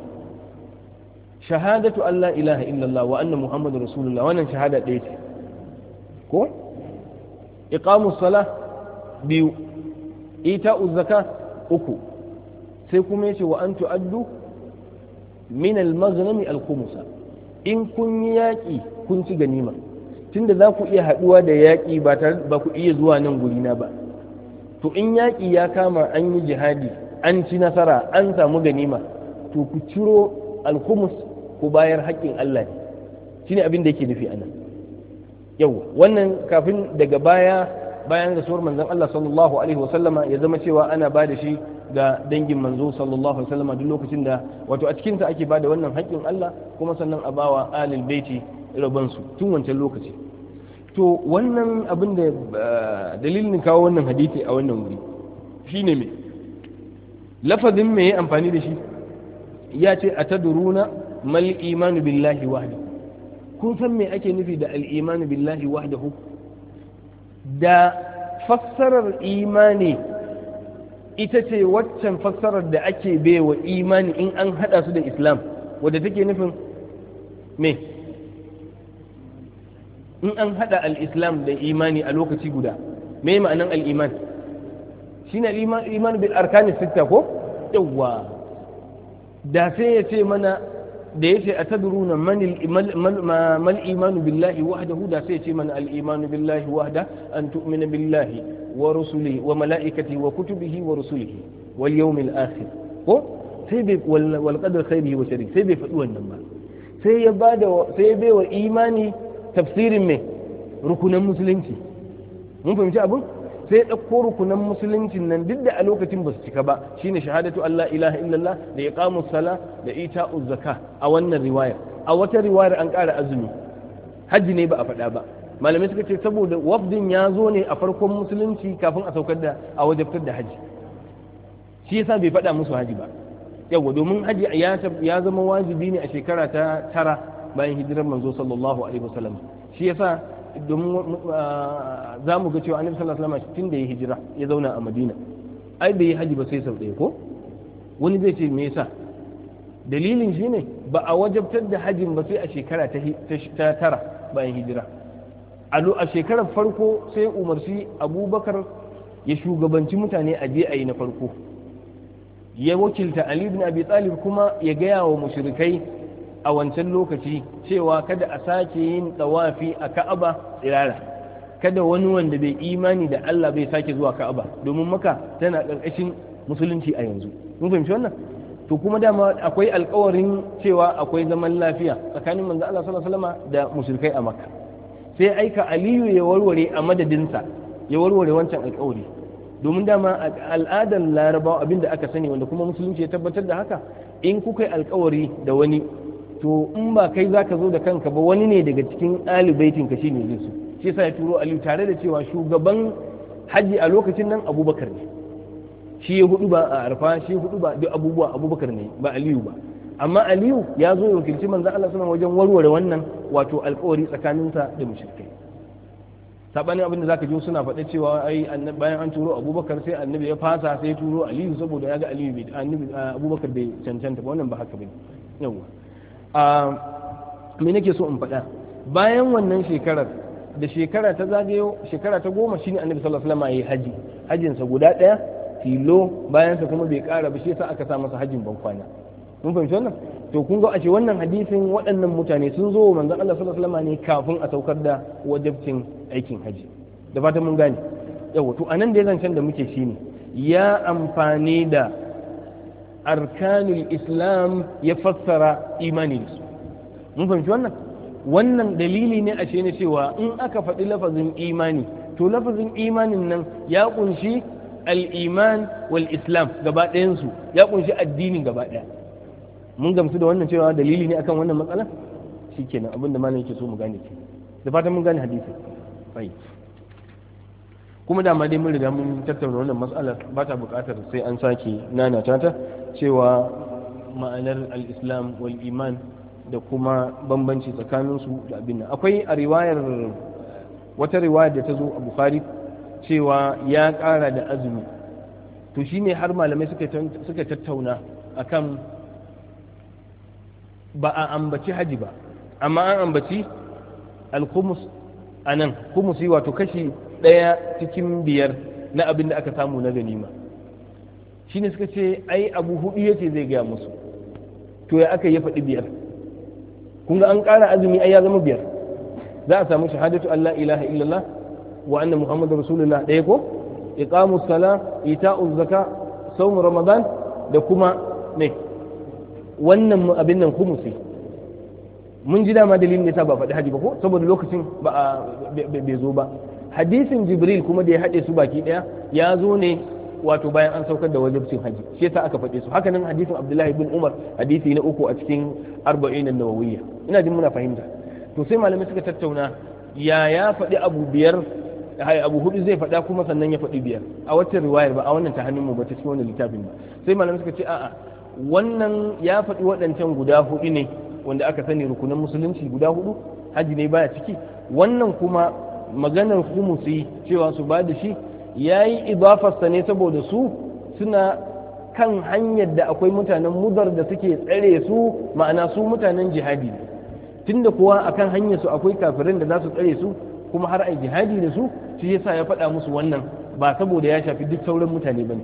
shahadatu Allah ilaha illallah wa anna muhammadu rasulullah wannan shahada ɗaya ce ko iqamus Sala biyu ita uzaka uku sai kuma yace wa an tu'addu min al-maghnami al-khumsa in kun yi yaƙi kun ci ganima tunda za ku iya haɗuwa da yaƙi ba ba ku iya zuwa nan guri na ba to in yaƙi ya kama an yi jihadi an ci nasara an samu ganima to ku ciro al-khums Ko bayar haƙƙin Allah ne shine abin da yake nufi anan yau wannan kafin daga baya bayan rasuwar manzon Allah sallallahu alaihi wasallama ya zama cewa ana ba da shi ga dangin manzo sallallahu alaihi wasallama duk lokacin da wato a cikinsa ake ba da wannan haƙƙin Allah kuma sannan a bawa alil baiti rabansu tun wancan lokaci to wannan abin da dalilin kawo wannan hadisi a wannan wuri shine me lafazin me ya amfani da shi ya ce a taduruna mal imanu billahi wahdahu kun san me ake nufi da al imanu billahi wahdahu da fassarar imani ita ce waccan fassarar da ake baiwa imani in an hada su da islam wadda take nufin me in an hada al-islam da imani a lokaci guda me ma'anan al-iman shine al-iman bil arkani sitta ko yawwa da sai ya ce mana da yace atadruna man mal imanu billahi wahdahu da sai ce man al imanu billahi wahda an tu'mina billahi wa rusulihi wa malaikati wa kutubihi wa rusulihi wal yawmil akhir ko sai bai wal qadar khairihi wa sharri sai bai faɗi wannan ba sai ya bada sai ya baiwa imani tafsirin mai rukunan musulunci mun fahimci abin sai ɗauko rukunan musuluncin nan duk da a lokacin ba su cika ba shine shahadatu Allah ilaha illallah da iqamus sala da ita zakah a wannan riwaya a wata riwayar an ƙara azumi hajji ne ba a faɗa ba malamai suka ce saboda wafdin ya zo ne a farkon musulunci kafin a saukar da a wajabtar da hajji shi yasa bai faɗa musu hajji ba yawa domin hajji ya zama wajibi ne a shekara ta tara bayan hijirar manzo sallallahu alaihi wasallam shi yasa domin uh, za mu ga cewa annabi sallallahu alaihi wasallam tun da ya hijira ya zauna a madina ai bai yi haji ba sai sau ɗaya ko wani zai ce me yasa dalilin shi ne ba a wajabtar da hajin ba sai a shekara ta tara bayan hijira a shekarar farko sai umarci abubakar ya shugabanci mutane a je a yi na farko ya wakilta ali bin abi talib kuma ya gaya wa mushrikai a wancan lokaci cewa kada a sake yin tsawafi a ka'aba tsirara kada wani wanda bai imani da Allah bai sake zuwa ka'aba domin maka tana ƙarƙashin musulunci a yanzu mun fahimci wannan to kuma dama akwai alƙawarin cewa akwai zaman lafiya tsakanin manzo Allah sallallahu alaihi wasallam da musulkai a makka sai aika aliyu ya warware a madadinsa ya warware wancan alƙawari domin dama al'adar larabawa abinda aka sani wanda kuma musulunci ya tabbatar da haka in kuka yi alƙawari da wani to in ba kai za ka zo da kanka ba wani ne daga cikin ɗalibaitin ka shine zai su shi sa ya turo aliyu tare da cewa shugaban hajji a lokacin nan abubakar ne shi ya hudu ba a arfa shi hudu ba duk abubuwa abubakar ne ba aliyu ba amma aliyu ya zo ya wakilci manzan Allah suna wajen warware wannan wato alƙawari tsakaninsa da mushrikai sabanin abin da zaka ji suna faɗa cewa ai bayan an turo abubakar sai annabi ya fasa sai turo aliyu saboda ya ga aliyu bai annabi abubakar bai cancanta ba wannan ba haka bane yawa me nake so in faɗa bayan wannan shekarar da shekara ta zagayo shekara ta goma shine annabi sallallahu alaihi wasallam ya haji hajinsa guda ɗaya filo, bayansa kuma bai ƙara ba shi yasa aka sa masa hajin ban kwana mun fahimci wannan to kun ga a ce wannan hadisin waɗannan mutane sun zo manzon Allah sallallahu alaihi wasallam ne kafin a saukar da wajibcin aikin haji da fatan mun gane yawa to anan da can da muke shine ya amfani da arkanul islam ya fassara imani da su mun fahimci wannan wannan dalili ne a na cewa in aka faɗi lafazin imani to lafazin imanin nan ya kunshi al-iman wal islam gaba ɗayansu ya kunshi addinin gaba ɗaya mun gamsu da wannan cewa dalili ne akan wannan matsala shikenan abinda malam yake so mu gane ke da fatan mun gane hadisi kuma dama dai mun riga mun tattauna wannan matsalar ba ta buƙatar sai an sake nana ta cewa ma'anar al-islam wal iman da kuma bambanci tsakaninsu da abin nan akwai a riwayar wata riwayar da ta zo a bukhari cewa ya kara da azumi to shine har malamai suka tattauna akan ba a ambaci haji ba amma an ambaci al-khumus anan khumusi wato kashi ɗaya cikin biyar na abin da aka samu na ganima shine suka ce ai abu hudu yace zai gaya musu to ya aka ya faɗi biyar kun ga an ƙara azumi ai ya zama biyar za a samu shahadatu Allah ilaha illallah wa anna muhammadu rasulullah ɗaya ko iqamu sala ita'u zaka sawm ramadan da kuma ne wannan abin nan kumusi mun ji dama dalilin da ta ba faɗi haji ba ko saboda lokacin ba bai zo ba hadisin jibril kuma da ya haɗe su baki ɗaya ya zo ne wato bayan an saukar da wajibcin haji shi yasa aka faɗe su haka nan hadisin abdullahi bin umar hadisi na uku a cikin arba'in da nawawiyya ina jin muna fahimta to sai malamai suka tattauna ya ya faɗi abu biyar hai abu hudu zai faɗa kuma sannan ya faɗi biyar a wata riwayar ba a wannan ta hannun mu ba ta cikin wannan littafin ba sai malamai suka ce a'a wannan ya faɗi waɗancan guda hudu ne wanda aka sani rukunan musulunci guda hudu haji ne baya ciki wannan kuma maganar humusi cewa su ba da shi ya yi idafarsa ne saboda su suna kan hanyar da akwai mutanen mudar da suke tsare su ma'ana su mutanen jihadi ne tunda kuwa kan hanyar su akwai kafirin da za su tsare su kuma har a jihadi da su shi yasa ya faɗa musu wannan ba saboda ya shafi duk sauran mutane ba ne,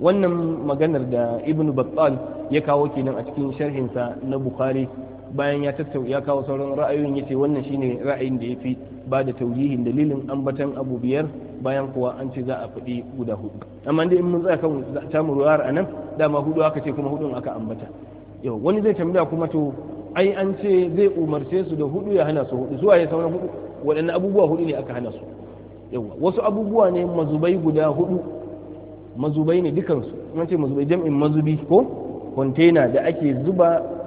wannan maganar da ibn battal ya kawo kenan a cikin sharhinsa na bukhari bayan ya tattau ya kawo sauran ra'ayoyin yace wannan shine ra'ayin da yafi ba da taurihin dalilin ambatan abu biyar bayan kuwa an ce za a faɗi guda hudu amma dai in mun tsaya kan tamu ruwar anan dama hudu aka ce kuma hudun aka ambata yau wani zai tambaya kuma to ai an ce zai umarce su da hudu ya hana su hudu zuwa ya sauran hudu waɗannan abubuwa hudu ne aka hana su yawa wasu abubuwa ne mazubai guda hudu mazubai ne dukansu an ce mazubai jam'in mazubi ko kwantena da ake zuba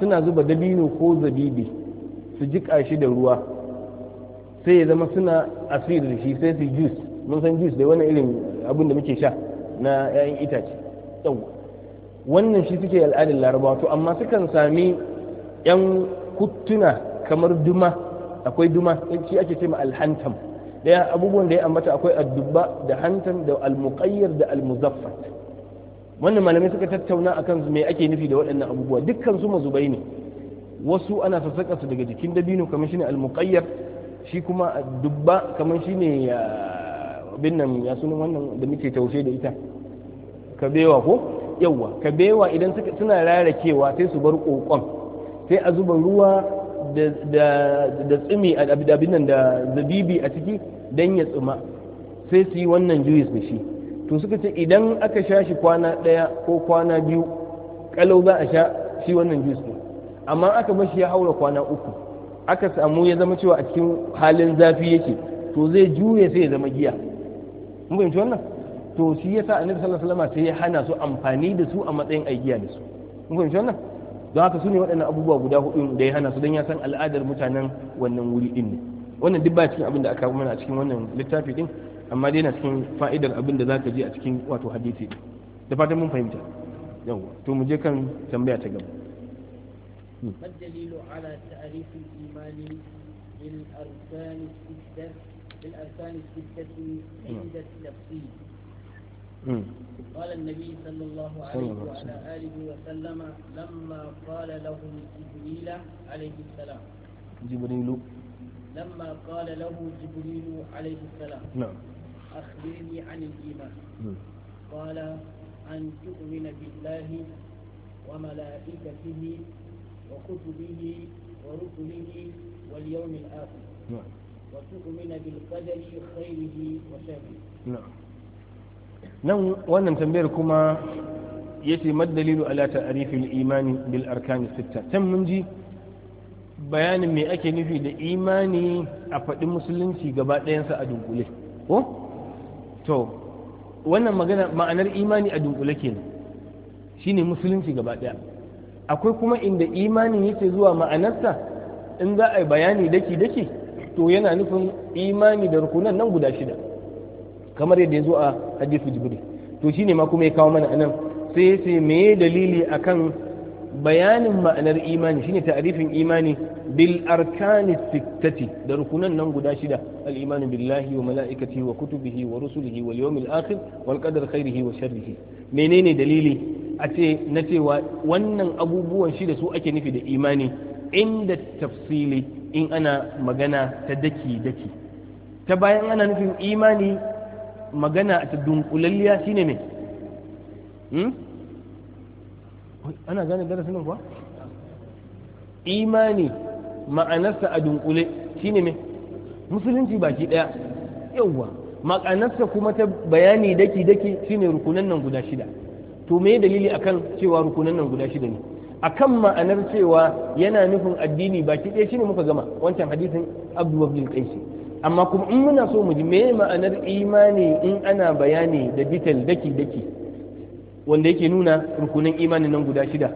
suna zuba dabino ko zabibi su jika shi da ruwa sai ya zama suna asir da shi sai su jus mun san jus da wani irin abin da muke sha na 'ya'yan itace yawwa wannan shi suke al'adar laraba to amma sukan sami 'yan kutuna kamar duma akwai duma shi ake ce ma alhantam daya abubuwan da ya ambata akwai addubba da hantam da almuqayyar da almuzaffat wannan malamai suka tattauna a kansu mai ake nufi da waɗannan abubuwa dukkan su mazubai ne wasu ana sassaƙa su daga jikin dabino kamar shine almuqayyar shi kuma dubba kamar shine ah, abin nan ya sunan wannan da muke taushe da ita kabewa ko ka kabewa idan suna rarakewa sai su bar kokon sai a zuba ruwa da tsimi a abin nan da zabibi a ciki don ya tsuma sai su yi wannan juice da shi to suka ce idan aka sha shi kwana ɗaya ko kwana biyu ƙalau za a sha shi wannan jus ɗin amma aka shi ya haura kwana uku aka samu ya zama cewa a cikin halin zafi yake to zai juye sai ya zama giya mun fahimci wannan to shi yasa annabi sallallahu alaihi wasallam sai ya hana su amfani da su a matsayin ai giya da su mun fahimci wannan don haka su ne waɗannan abubuwa guda hudu da ya hana su don ya san al'adar mutanen wannan wuri din ne wannan duk ba cikin abin da aka mana a cikin wannan littafi amma dai na cikin fa'idar abin da za ka je a cikin wato hadisi da fatan mun fahimta yawa to mu je kan tambaya ta gaba ما الدليل على تعريف الإيمان بالأركان الستة بالأركان الستة عند التفصيل قال النبي صلى الله عليه وعلى آله وسلم لما قال له جبريل عليه السلام جبريل لما قال له جبريل عليه السلام نعم أخبرني عن الإيمان قال أن تؤمن بالله وملائكته وكتبه ورسله واليوم الآخر وتؤمن بالقدر خيره وشره نعم nan wannan tambayar kuma ya ce dalilu ala ta'arifil imani bil arkani sitta can mun ji bayanin me ake nufi da imani a faɗin musulunci gaba ɗayansa a dunkule ko to wannan magana ma'anar imani a dunkule kenan shine musulunci gaba daya akwai kuma inda imanin yake zuwa ma'anarsa in za a yi bayani daki daki to yana nufin imani da rukunan nan guda shida kamar yadda ya zo a hadithu jibril to shine ma kuma ya kawo mana anan sai sai me dalili akan bayanin ma'anar imani shine ta'rifin imani bil arkani sittati da rukunan nan guda shida al imani billahi wa mala'ikaci wa kutubihi wa rusulihi wal yawmil akhir wal qadar khairihi wa sharrihi menene dalili a ce na cewa wannan abubuwan shida su ake nufi da imani inda tafsili in ana magana ta daki daki ta bayan ana nufin imani magana ta dunkulalliya shine me hmm? ana gane darasin nan kuwa imani ma'anarsa a dunkule shine me musulunci baki daya yauwa ma'anarsa kuma ta bayani daki daki shine rukunan nan guda shida to me dalili akan cewa rukunan nan guda shida ne akan ma'anar cewa yana nufin addini baki daya shine muka gama wancan hadisin abu wabdil qaisi amma kuma in muna so mu ji me ma'anar imani in ana bayani da bitel daki daki wanda yake nuna rukunin imanin nan guda shida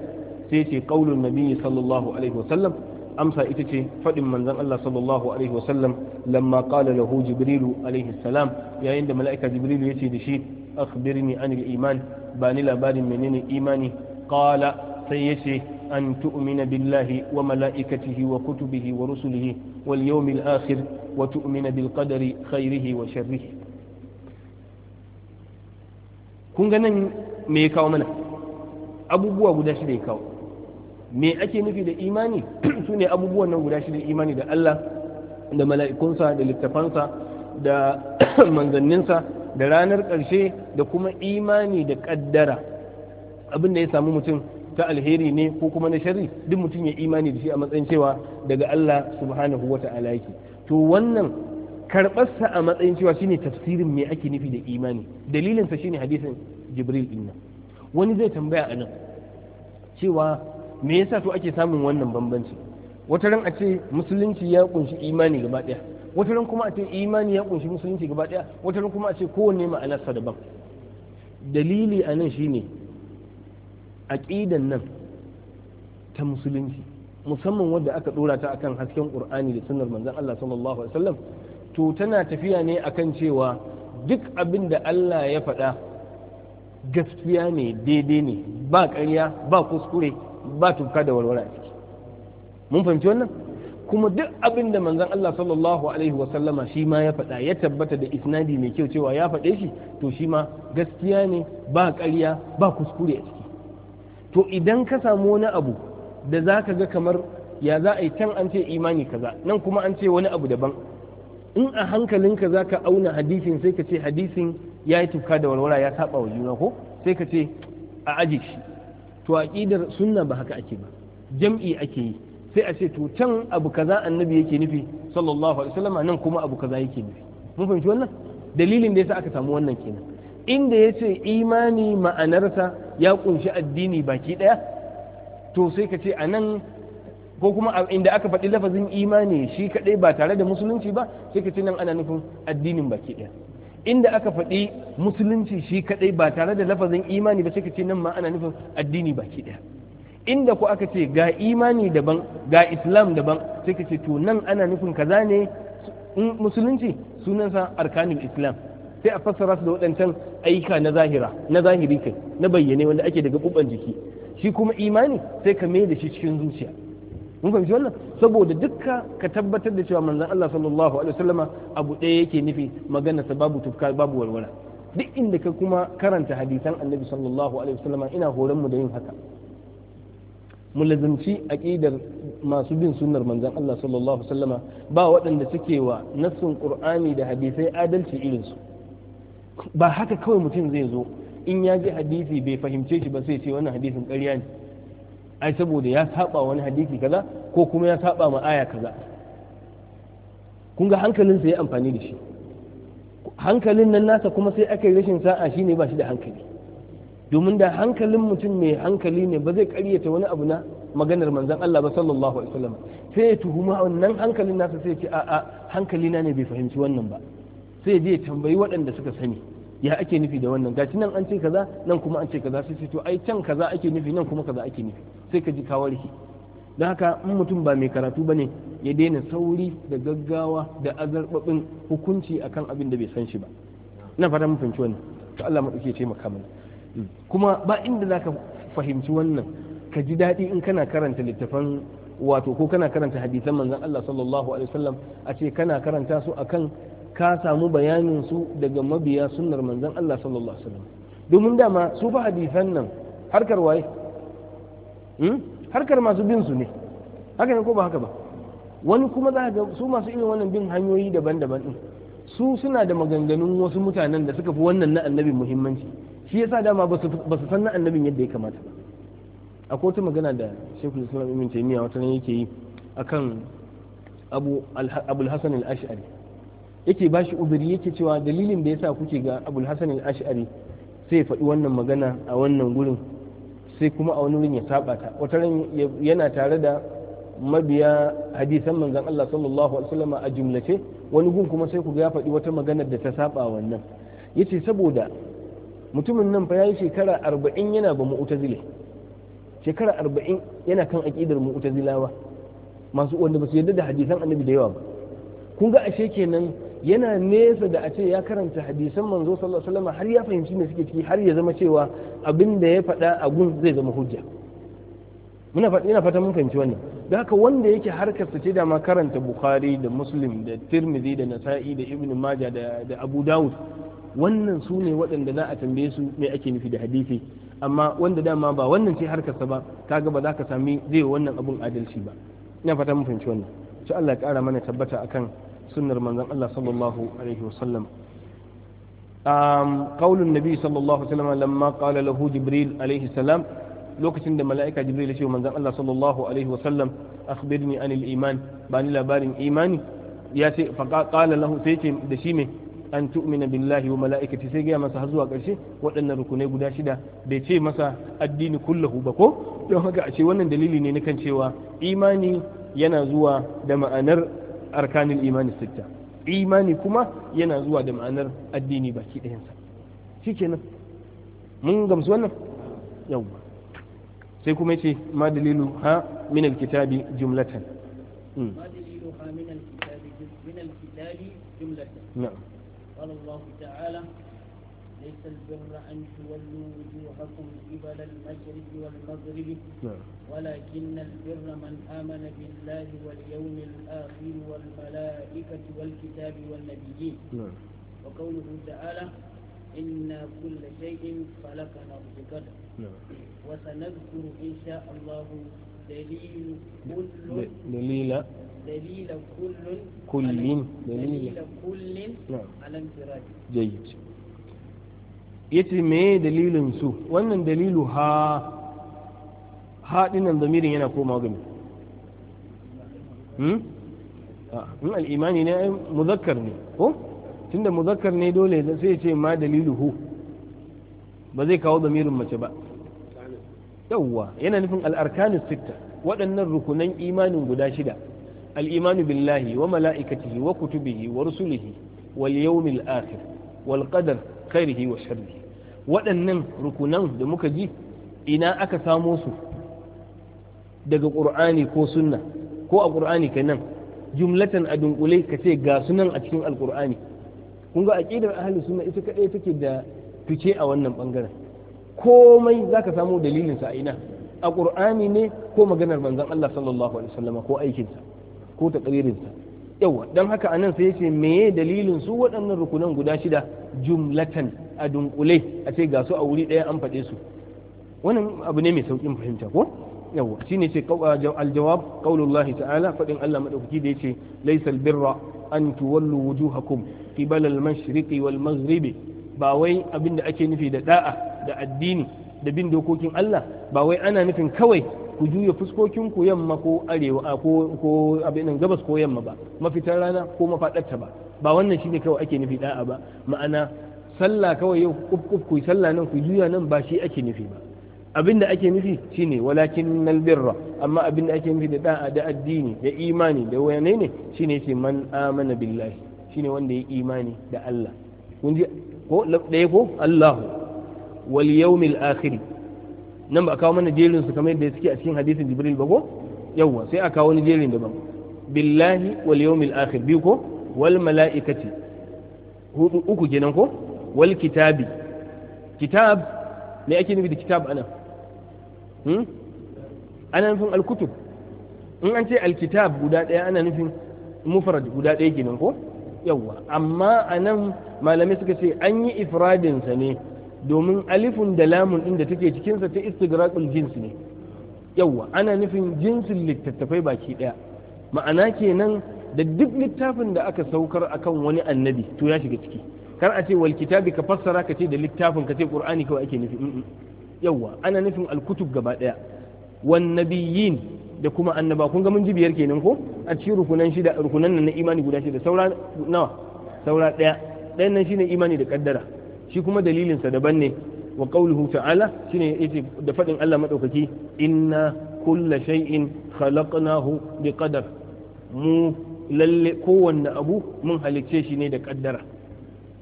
sai ce qaulun nabiyyi sallallahu alaihi wasallam amsa ita ce faɗin manzon Allah sallallahu alaihi wasallam lamma qala lahu jibrilu alaihi salam yayin da mala'ika jibrilu yace da shi akhbirni an iman ba ni labarin menene imani qala sai yace an tu'mina billahi wa mala'ikatihi wa kutubihi wa rusulihi wal yawmil akhir wa tu'mina bil qadari khairihi wa sharrihi kun nan me ya kawo mana abubuwa guda shida ya kawo me ake nufi da imani su ne abubuwan nan guda shida imani da Allah da mala'ikunsa da littafansa da manzanninsa da ranar ƙarshe da kuma imani da ƙaddara abin da ya samu mutum ta alheri ne ko kuma na shari duk mutum ya imani da shi a matsayin cewa daga Allah subhanahu wa ta'ala yake to wannan karɓarsa a matsayin cewa shine tafsirin me ake nufi da imani dalilinsa shine hadisin jibril din nan wani zai tambaya a nan cewa me yasa to ake samun wannan bambanci wata ran a ce musulunci ya kunshi imani gaba daya wata ran kuma a ce imani ya kunshi musulunci gaba daya wata ran kuma a ce kowanne ma'anarsa daban dalili a nan shine aqidan nan ta musulunci musamman wadda aka dora ta akan hasken qur'ani da sunnar manzon Allah sallallahu alaihi wasallam to tana tafiya ne akan cewa duk abin da Allah ya faɗa gaskiya ne daidai ne ba ƙarya ba kuskure ba tufka da walwala a ciki mun fahimci wannan kuma duk abin da manzon Allah sallallahu alaihi wa sallama shi ma ya faɗa ya tabbata da isnadi mai kyau cewa ya faɗe shi to shi ma gaskiya ne ba ƙarya ba kuskure a ciki to idan ka samu wani abu da za ka ga kamar ya za a yi can an ce imani kaza nan kuma an ce wani abu daban in a hankalinka za ka auna hadisin sai ka ce hadisin ya yi tufka da walwala ya saba wa juna ko sai ka ce a aji shi to aqidar sunna ba haka ake ba jam'i ake yi sai a ce to can abu kaza annabi yake nufi sallallahu alaihi wasallam nan kuma abu kaza yake nufi mun fahimci wannan dalilin da yasa aka samu wannan kenan inda yace imani ma'anarsa ya kunshi addini baki daya to sai ka ce anan ko kuma inda aka faɗi lafazin imani shi kaɗai ba tare da musulunci ba sai ka ce nan ana nufin addinin baki ɗaya inda aka faɗi musulunci shi kaɗai ba tare da lafazin imani ba suka ce nan ma ana nufin addini baki ɗaya inda ku aka ce ga imani daban ga islam daban sai ce to nan ana nufin kaza ne musulunci sunansa arkanin islam sai a fassara su da waɗancan aika na zahira na zahiri kai na bayyane wanda ake daga kuban jiki shi kuma imani sai ka mai da shi cikin zuciya mun fahimci wannan saboda dukka ka tabbatar da cewa manzon Allah sallallahu alaihi wasallama abu ɗaya yake nufi magana sa babu tufka babu walwala duk inda ka kuma karanta hadisan annabi sallallahu alaihi wasallama ina horon mu da yin haka mu lazimci aqidar masu bin sunnar manzon Allah sallallahu alaihi wasallama ba waɗanda suke wa nassin qur'ani da hadisai adalci irin su ba haka kawai mutum zai zo in ya ji hadisi bai fahimce shi ba sai ce wannan hadisin ƙarya ne ai saboda ya saba wani hadisi kaza ko kuma ya saba ma aya kaza kun ga hankalinsa ya amfani da shi hankalin nan nasa kuma sai aka yi rashin sa'a shine ba shi da hankali domin da hankalin mutum mai hankali ne ba zai karyata wani abu na maganar manzon Allah ba sallallahu alaihi wasallam sai ya tuhuma wannan hankalin nasa sai ya ce a'a hankalina ne bai fahimci wannan ba sai je tambayi waɗanda suka sani ya ake nufi da wannan gashi nan an ce kaza nan kuma an ce kaza sai sai to ai can kaza ake nufi nan kuma kaza ake nufi sai ka ji ka warke don haka in mutum ba mai karatu ba ne ya daina sauri da gaggawa da azarbabin hukunci akan abin da bai san shi ba ina fata mun fahimci wannan to Allah mu ce maka mana hmm. kuma ba inda za ka fahimci wannan ka ji daɗi in kana karanta littafan wato ko kana karanta hadisan manzon Allah sallallahu alaihi wasallam a ce kana karanta su akan ka samu bayanin su daga mabiya sunnar manzon Allah sallallahu alaihi wasallam domin dama su fa hadisan nan harkar waye Hmm? harkar masu bin su ne haka ne ko ba haka ba wani kuma za ga su masu irin wannan bin hanyoyi daban-daban din su suna da maganganun wasu mutanen da suka fi wannan na annabin muhimmanci shi yasa dama ba su san na annabin yadda ya kamata ba a kotu magana da shekul islam ibn taymiya wata yake yi akan abu abul hasan al-ash'ari yake bashi ubiri yake cewa dalilin da yasa kuke ga abul hasan al-ash'ari sai faɗi wannan magana a wannan gurin sai kuma a wani wurin ya saba ta wata ran yana tare da mabiya hadisan manzon Allah sallallahu alaihi wasallam a jumlace wani gun kuma sai ku ga ya faɗi wata maganar da ta saba wannan yace saboda mutumin nan fa yayi shekara 40 yana ba mu'tazili shekara 40 yana kan aqidar mu'tazilawa masu wanda ba su yarda da hadisan annabi da yawa ba kun ga ashe kenan yana nesa da a ce ya karanta hadisan manzo sallallahu alaihi wasallam har ya fahimci me suke ciki har ya zama cewa abin da ya faɗa a gun zai zama hujja muna fata ina fata mun fahimci wannan da haka wanda yake harkar su ce da ma karanta bukhari da muslim da tirmidhi da nasa'i da ibnu maja da, da abu daud wannan su ne waɗanda za a tambaye su me ake nufi da hadisi amma wanda dama ba wannan ce harkarsa ba kaga ba za ka sami zai wannan abun adalci ba ina fata mun fahimci wannan insha Allah ya ƙara mana tabbata akan sunnar manzon Allah sallallahu alaihi wasallam um qaulun nabi sallallahu alaihi wa sallam lamma qala lahu jibril alaihi salam lokacin da mala'ika jibril ya ce manzon Allah sallallahu alaihi wa wasallam akhbirni anil iman bani labarin imani ya ce fa faƙaƙala lahu sai ce da shi mai an tu'mina billahi wa mala'ikati sai gaya masa har zuwa karshe waɗannan rukunai guda shida bai ce masa addini kullahu ba ko don haka a ce wannan dalili ne na kan cewa imani yana zuwa da ma'anar arkanin imani sitta imani kuma yana zuwa da ma'anar addini baki ɗayansa nan mun gamsu wannan yawwa sai kuma yace ma dalilu ha min alkitabi hmm. jumlatan na'am ليس البر أن تولوا وجوهكم قبل المشرق والمغرب ولكن البر من آمن بالله واليوم الآخر والملائكة والكتاب والنبيين وقوله تعالى إنا كل شيء خلقناه بقدر وسنذكر إن شاء الله دليل كل دليل دليل كل كل دليل كل على انفراده جيد ya ce me dalilin su wannan dalilu ha haɗinan zamirin yana koma gami hmm? in al'imani ne muzakkar ne ko tunda muzakkar ne dole sai ce ma dalilu hu ba zai kawo zamirin mace ba yawwa yana nufin al'arkanin sitta waɗannan rukunan imanin guda shida al'imanu billahi wa mala'ikatihi wa kutubihi wa rusulihi wal yawmil akhir wal qadar khairihi wa sharrihi waɗannan rukunan da muka ji ina aka samo su daga ƙur'ani ko sunna ko a ƙur'ani kenan jumlatan a dunkule ka ce ga sunan a cikin alƙur'ani kun ga aƙidar ahalin suna ita kaɗai take da fice a wannan ɓangaren komai za ka samu dalilinsa a ina a ƙur'ani ne ko maganar manzon Allah sallallahu alaihi wasallam ko aikinsa ko taqririnsa yawa dan haka anan sai yace meye dalilin su waɗannan rukunan guda shida jumlatan a dunkule a ce ga su a wuri ɗaya an faɗe su wannan abu ne mai saukin fahimta ko yawa shine ce aljawab qaulullahi ta'ala faɗin Allah maɗauki da ce laisal birra an tuwallu wujuhakum qibala al-mashriqi wal maghribi ba wai abin da ake nufi da da'a da addini da bin dokokin Allah ba wai ana nufin kawai ku juya fuskokin ku yamma ko arewa ko ko abin nan gabas ko yamma ba mafitar rana ko mafadarta ba ba wannan shine kawai ake nufi da'a ba ma'ana sallah kawai yau kuf kuf ku sallah nan ku juya nan ba shi ake nufi ba abin da ake nufi shine walakin nal birra amma abin da ake nufi da da'a da addini da imani da wayane ne shine yace man amana billahi shine wanda ya imani da Allah kun ji ko ɗaya ko Allahu wal yawmil akhir nan ba kawo mana jerin su kamar yadda suke a cikin hadisin Jibril ba ko yawwa. sai a kawo wani jerin daban billahi wal yawmil akhir biyu ko wal mala'ikati hudu uku kenan ko Walkitabi. kitabi kitab me ake nufi da kitab ana hmm? ana nufin alkutub in an ce alkitab guda ɗaya ana nufin mufrad guda ɗaya kenan ko yawwa amma a nan malamai suka ce an yi ifradinsa ne domin alifun da lamun ɗin da take cikinsa ta istigraqul jins ne yawwa ana nufin jinsin littattafai baki ɗaya ma'ana kenan da duk littafin da aka saukar akan wani annabi to ya shiga ciki kar a ce wal kitabi ka fassara ka ce da littafin ka ce qur'ani kawai ake nufi yawa ana nufin al'kutu gaba daya wan nabiyyin da kuma annaba kun ga mun ji biyar kenan ko a cikin rukunan shida rukunan nan na imani guda shida saura nawa saura daya dayan nan shine imani da kaddara shi kuma dalilin sa daban ne wa qawluhu ta'ala shine yace da fadin Allah madaukaki inna kulla shay'in khalaqnahu biqadar mu lalle kowanne abu mun halicce shi ne da kaddara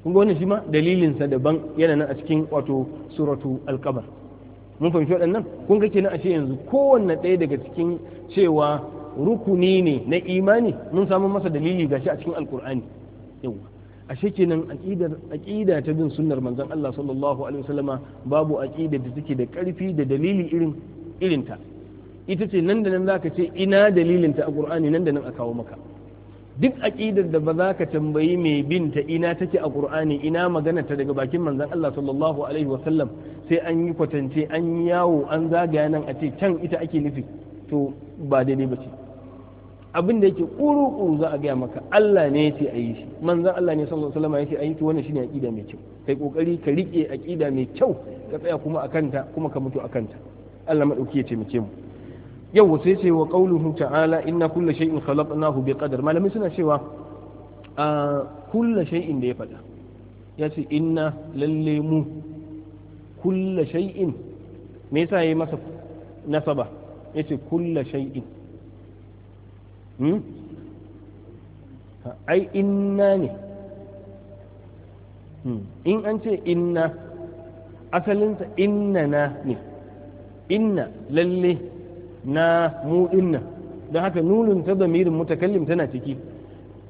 kun ga wannan shi ma dalilinsa daban yana nan a cikin wato suratu alkabar mun fahimci waɗannan kun ga kenan ashe yanzu kowanne ɗaya daga cikin cewa rukuni ne na imani mun samu masa dalili gashi a cikin alkur'ani yawa ashe kenan aqidar aqida ta bin sunnar manzon Allah sallallahu alaihi wasallama babu aqida da take da ƙarfi da dalili irin irinta ita ce nan da nan zaka ce ina dalilinta a qur'ani nan da nan a kawo maka duk aƙidar da ba za ka tambayi mai bin ta ina take a ƙur'ani ina magana ta daga bakin manzon Allah sallallahu alaihi wasallam sai an yi kwatance an yawo an zagaya nan a ce can ita ake nufi to ba daidai ba ce abin da yake ƙuru-ƙuru za a gaya maka Allah ne ya ce a yi shi manzon Allah ne sallallahu alaihi wasallam ya ce a yi to wannan shine aƙida mai kyau kai kokari ka rike aƙida mai kyau ka tsaya kuma akanta kuma ka mutu akanta Allah madauki ya taimake mu yau sai ce wa qauluhu ta'ala inna kulla shay'in khalaqnahu biqadar malamin malamai suna cewa a kulla shay'in da ya faɗa ya ce inna lalle mu kulla shay'in me yasa yayi masa nasaba ya ce kulla shay'in hmm? ai inna ne hmm. in an ce inna asalinsa inna na ne inna lalle na mu dinnan don haka nunun ta zamirin mutakallim tana ciki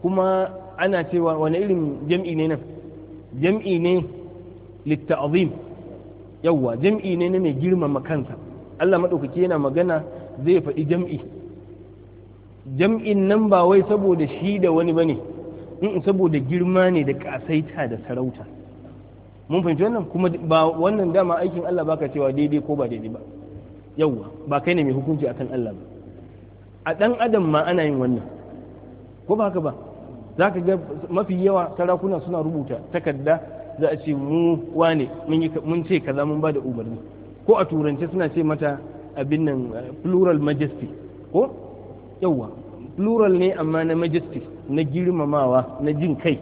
kuma ana cewa wani irin jam'i ne nan jam'i ne litta'azim yawwa jam'i ne na mai girmama kansa Allah maɗaukaki yana magana zai faɗi jam'i jam'in nan ba wai saboda shi da wani bane in mm, saboda girma ne da kasaita da sarauta mun fahimci wannan kuma ba wannan dama aikin Allah baka cewa daidai ko ba daidai ba yawwa ba kai ne mai hukunci akan Allah ba a dan adam ma ana yin wannan ko ba haka ba za ka ga mafi yawa sarakuna suna rubuta takarda za a ce mu wane mun ce kaza mun ba umarni ko a turance suna ce mata abin nan plural majesty ko yawwa plural ne amma na majesty na girmamawa na jin kai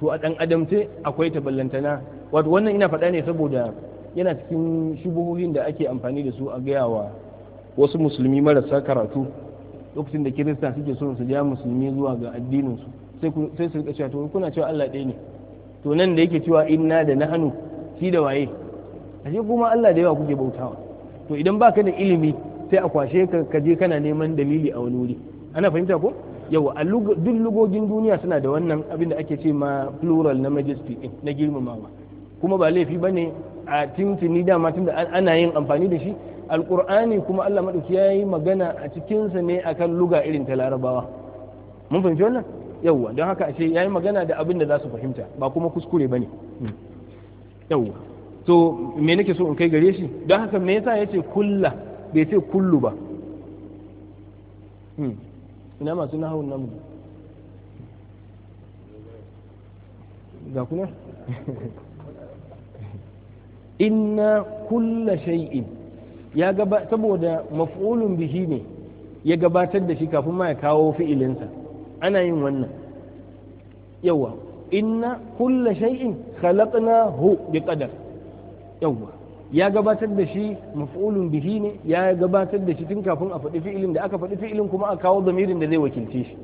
to a dan adam ce akwai taballantana wato wannan ina faɗa ne saboda yana cikin shubuhuhin da ake amfani da su a gaya wa wasu musulmi marasa karatu lokacin da kirista suke so su ja musulmi zuwa ga addininsu sai su rika cewa to kuna cewa Allah ɗaya ne to nan da yake cewa inna da hannu shi da waye ashe kuma Allah da yawa kuke bautawa to idan baka da ilimi sai a kwashe ka ka je kana neman dalili a wani wuri ana fahimta ko yawa a duk lugogin duniya suna da wannan abin da ake ce ma plural na majesty eh, na girmamawa kuma ba laifi bane a ni dama tun da ana yin amfani da shi alkur'ani kuma Allah maɗauki ya yi magana a cikinsa ne akan luga irin ta larabawa mun fahimci wannan yawwa don haka ashe ya yi magana da abin da za su fahimta ba kuma kuskure ba ne hmm. yawwa to me nake so in kai gare shi don haka me yasa ya ce kulla bai ce kullu ba hmm. ina masu nahawun namu ga kuna inna kulla shay'in ya gaba saboda maf'ulun bihi ne ya gabatar da shi kafin ma ya kawo fi'ilinsa ana yin wannan yawa inna kulla shay'in khalaqnahu biqadar yawa ya gabatar da shi maf'ulun bihi ne ya gabatar da shi tun kafin a faɗi fi'ilin da aka faɗi fi'ilin kuma a kawo zamirin da zai wakilce shi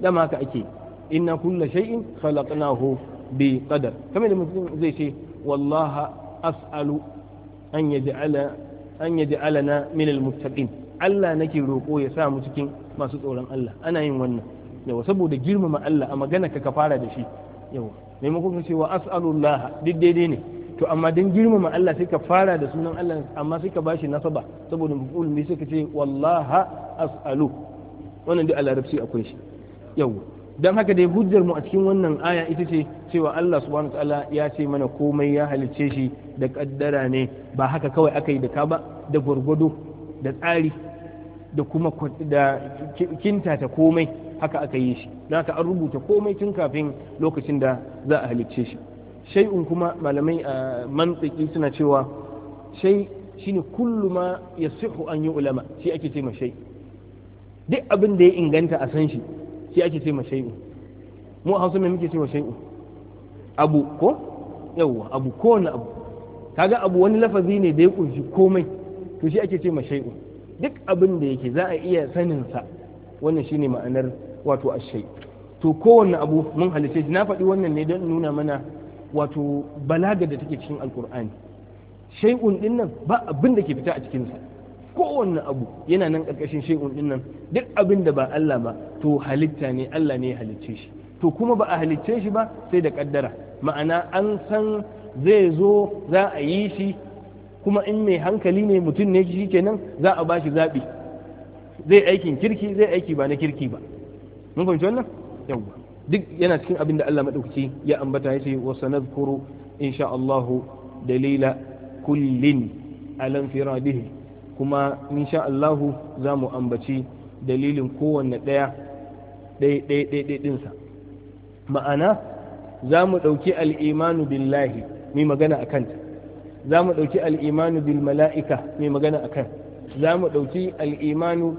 dama haka ake inna kulla shay'in khalaqnahu bi qadar kamar da mutum zai ce wallaha as'alu an yaj'ala an yaj'alana min almuttaqin Allah nake roƙo ya sa mu cikin masu tsoron Allah ana yin wannan yawa saboda girmama Allah a magana ka fara da shi yawa maimakon ka ce wa as'alullah duk daidai ne to amma don girmama Allah sai ka fara da sunan Allah amma sai ka bashi nasaba saboda maful ne sai ka ce wallaha as'alu wannan duk a larabci akwai shi yawa don haka dai hujjar mu a cikin wannan aya ita ce cewa Allah subhanahu ta'ala ya ce mana komai ya halicce shi da kaddara ne ba haka kawai aka yi da ka ba da gwargwado da tsari da kuma da kinta ta komai haka aka yi shi don haka an rubuta komai tun kafin lokacin da za a halicce shi Shai'un kuma malamai a mantsiki suna cewa shay shine kullu ma yasihu an yi ulama shi ake ce ma shai. duk abin da ya inganta a san shi shi ake ce mashai'u mu a hausa mai muke ce mashai'u abu ko yawwa abu ko wani abu kaga abu wani lafazi ne da ya kunshi komai to shi ake ce mashai'u duk abin da yake za a iya sanin sa wannan shine ma'anar wato ashai to kowanne abu mun halice shi na faɗi wannan ne don nuna mana wato balaga da take cikin alkur'ani shay'un din nan ba abin da ke fita a cikinsa kowanne abu yana nan ƙarƙashin shay'un din nan duk abin da ba Allah ba to halitta ne Allah ne ya halicce shi to kuma ba a halicce shi ba sai da kaddara ma'ana an san zai zo za a yi shi kuma in mai hankali ne mutum ne shi kenan za a ba shi zaɓi zai aikin kirki zai aiki ba na kirki ba mun fahimci wannan yawwa duk yana cikin abin da Allah madaukaki ya ambata ya ce wa sanadkuru insha Allah dalila kullin alam firadihi kuma insha Allahu za mu ambaci dalilin kowanne ɗaya ɗinsa ma'ana za mu ɗauki al'imanu billahi mai magana a kanta za mu ɗauki al'imanu bil mala'ika mai magana a kan za mu ɗauki al'imanu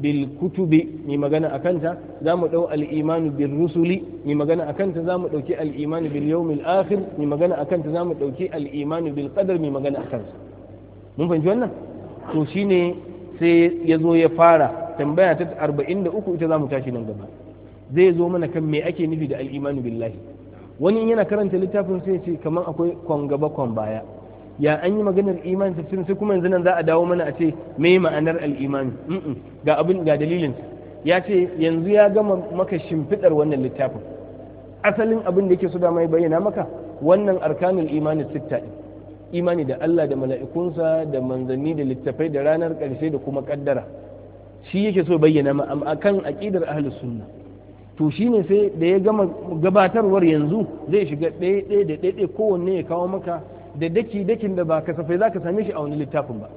bil kutubi mai magana a kanta za mu ɗau al'imanu bil rusuli mai magana a kanta za mu ɗauki al'imanu bil yawmil akhir mai magana a kanta za mu ɗauki al'imanu bil qadar mai magana a kansa mun fahimci wannan to shine sai ya zo ya fara tambaya ta arba'in da uku ita za mu tashi nan gaba zai zo mana kan me ake nufi da al'imanu billahi wani in yana karanta littafin sai ce kamar akwai kwan gaba kwan baya ya an yi maganar imani ta sai kuma yanzu nan za a dawo mana a ce me ma'anar al'imani ga abin ga dalilin ya ce yanzu ya gama maka shimfidar wannan littafin asalin abin da yake so da mai bayyana maka wannan arkanul imani sitta ɗin imani da Allah da mala'ikunsa da manzanni da littafai da ranar ƙarshe da kuma ƙaddara shi yake so bayyana ma amma akan aqidar ahlus sunna to shi ne sai da ya gama gabatarwar yanzu zai shiga ɗaya ɗaya da ɗaya kowanne ya kawo maka da daki dakin da ba ka za zaka same shi a wani littafin ba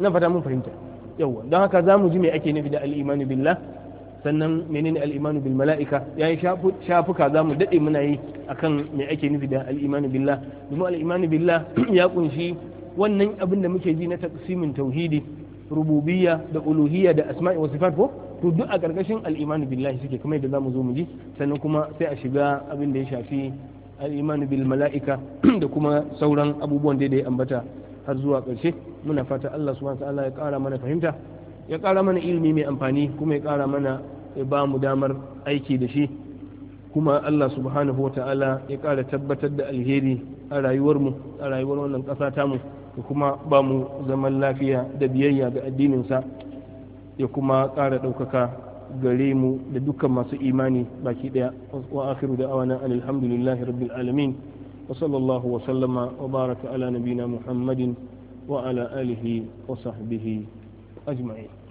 na fata mun fahimta yawa don haka za mu ji me ake nufi da al'imani billah sannan menene al'imanu bil mala'ika ya yi shafuka za mu daɗe muna yi akan me ake nufi da al'imanu billah domin al'imanu billah ya kunshi wannan abin da muke ji na taqsimin tauhidi rububiyya da uluhiyya da asma'i wa sifat ko to duk a ƙarƙashin al'imanu billahi suke kamar yadda zamu zo mu ji sannan kuma sai a shiga abin da ya shafi al'imanu bil mala'ika da kuma sauran abubuwan da ya ambata har zuwa ƙarshe muna fata Allah subhanahu wa ta'ala ya ƙara mana fahimta ya ƙara mana ilimi mai amfani kuma ya ƙara mana ya ba mu damar aiki da shi kuma Allah subhanahu wata'ala ya ƙara tabbatar da alheri a rayuwarmu a rayuwar wannan ƙasa tamu da kuma ba mu zaman lafiya da biyayya ga addininsa ya kuma ƙara ɗaukaka gare mu da dukkan masu imani baki ɗaya wa akhiru da awana alhamdulillahi rabbil alamin wa sallallahu wa sallama wa baraka ala nabina muhammadin wa ala alihi wa sahbihi أجمعين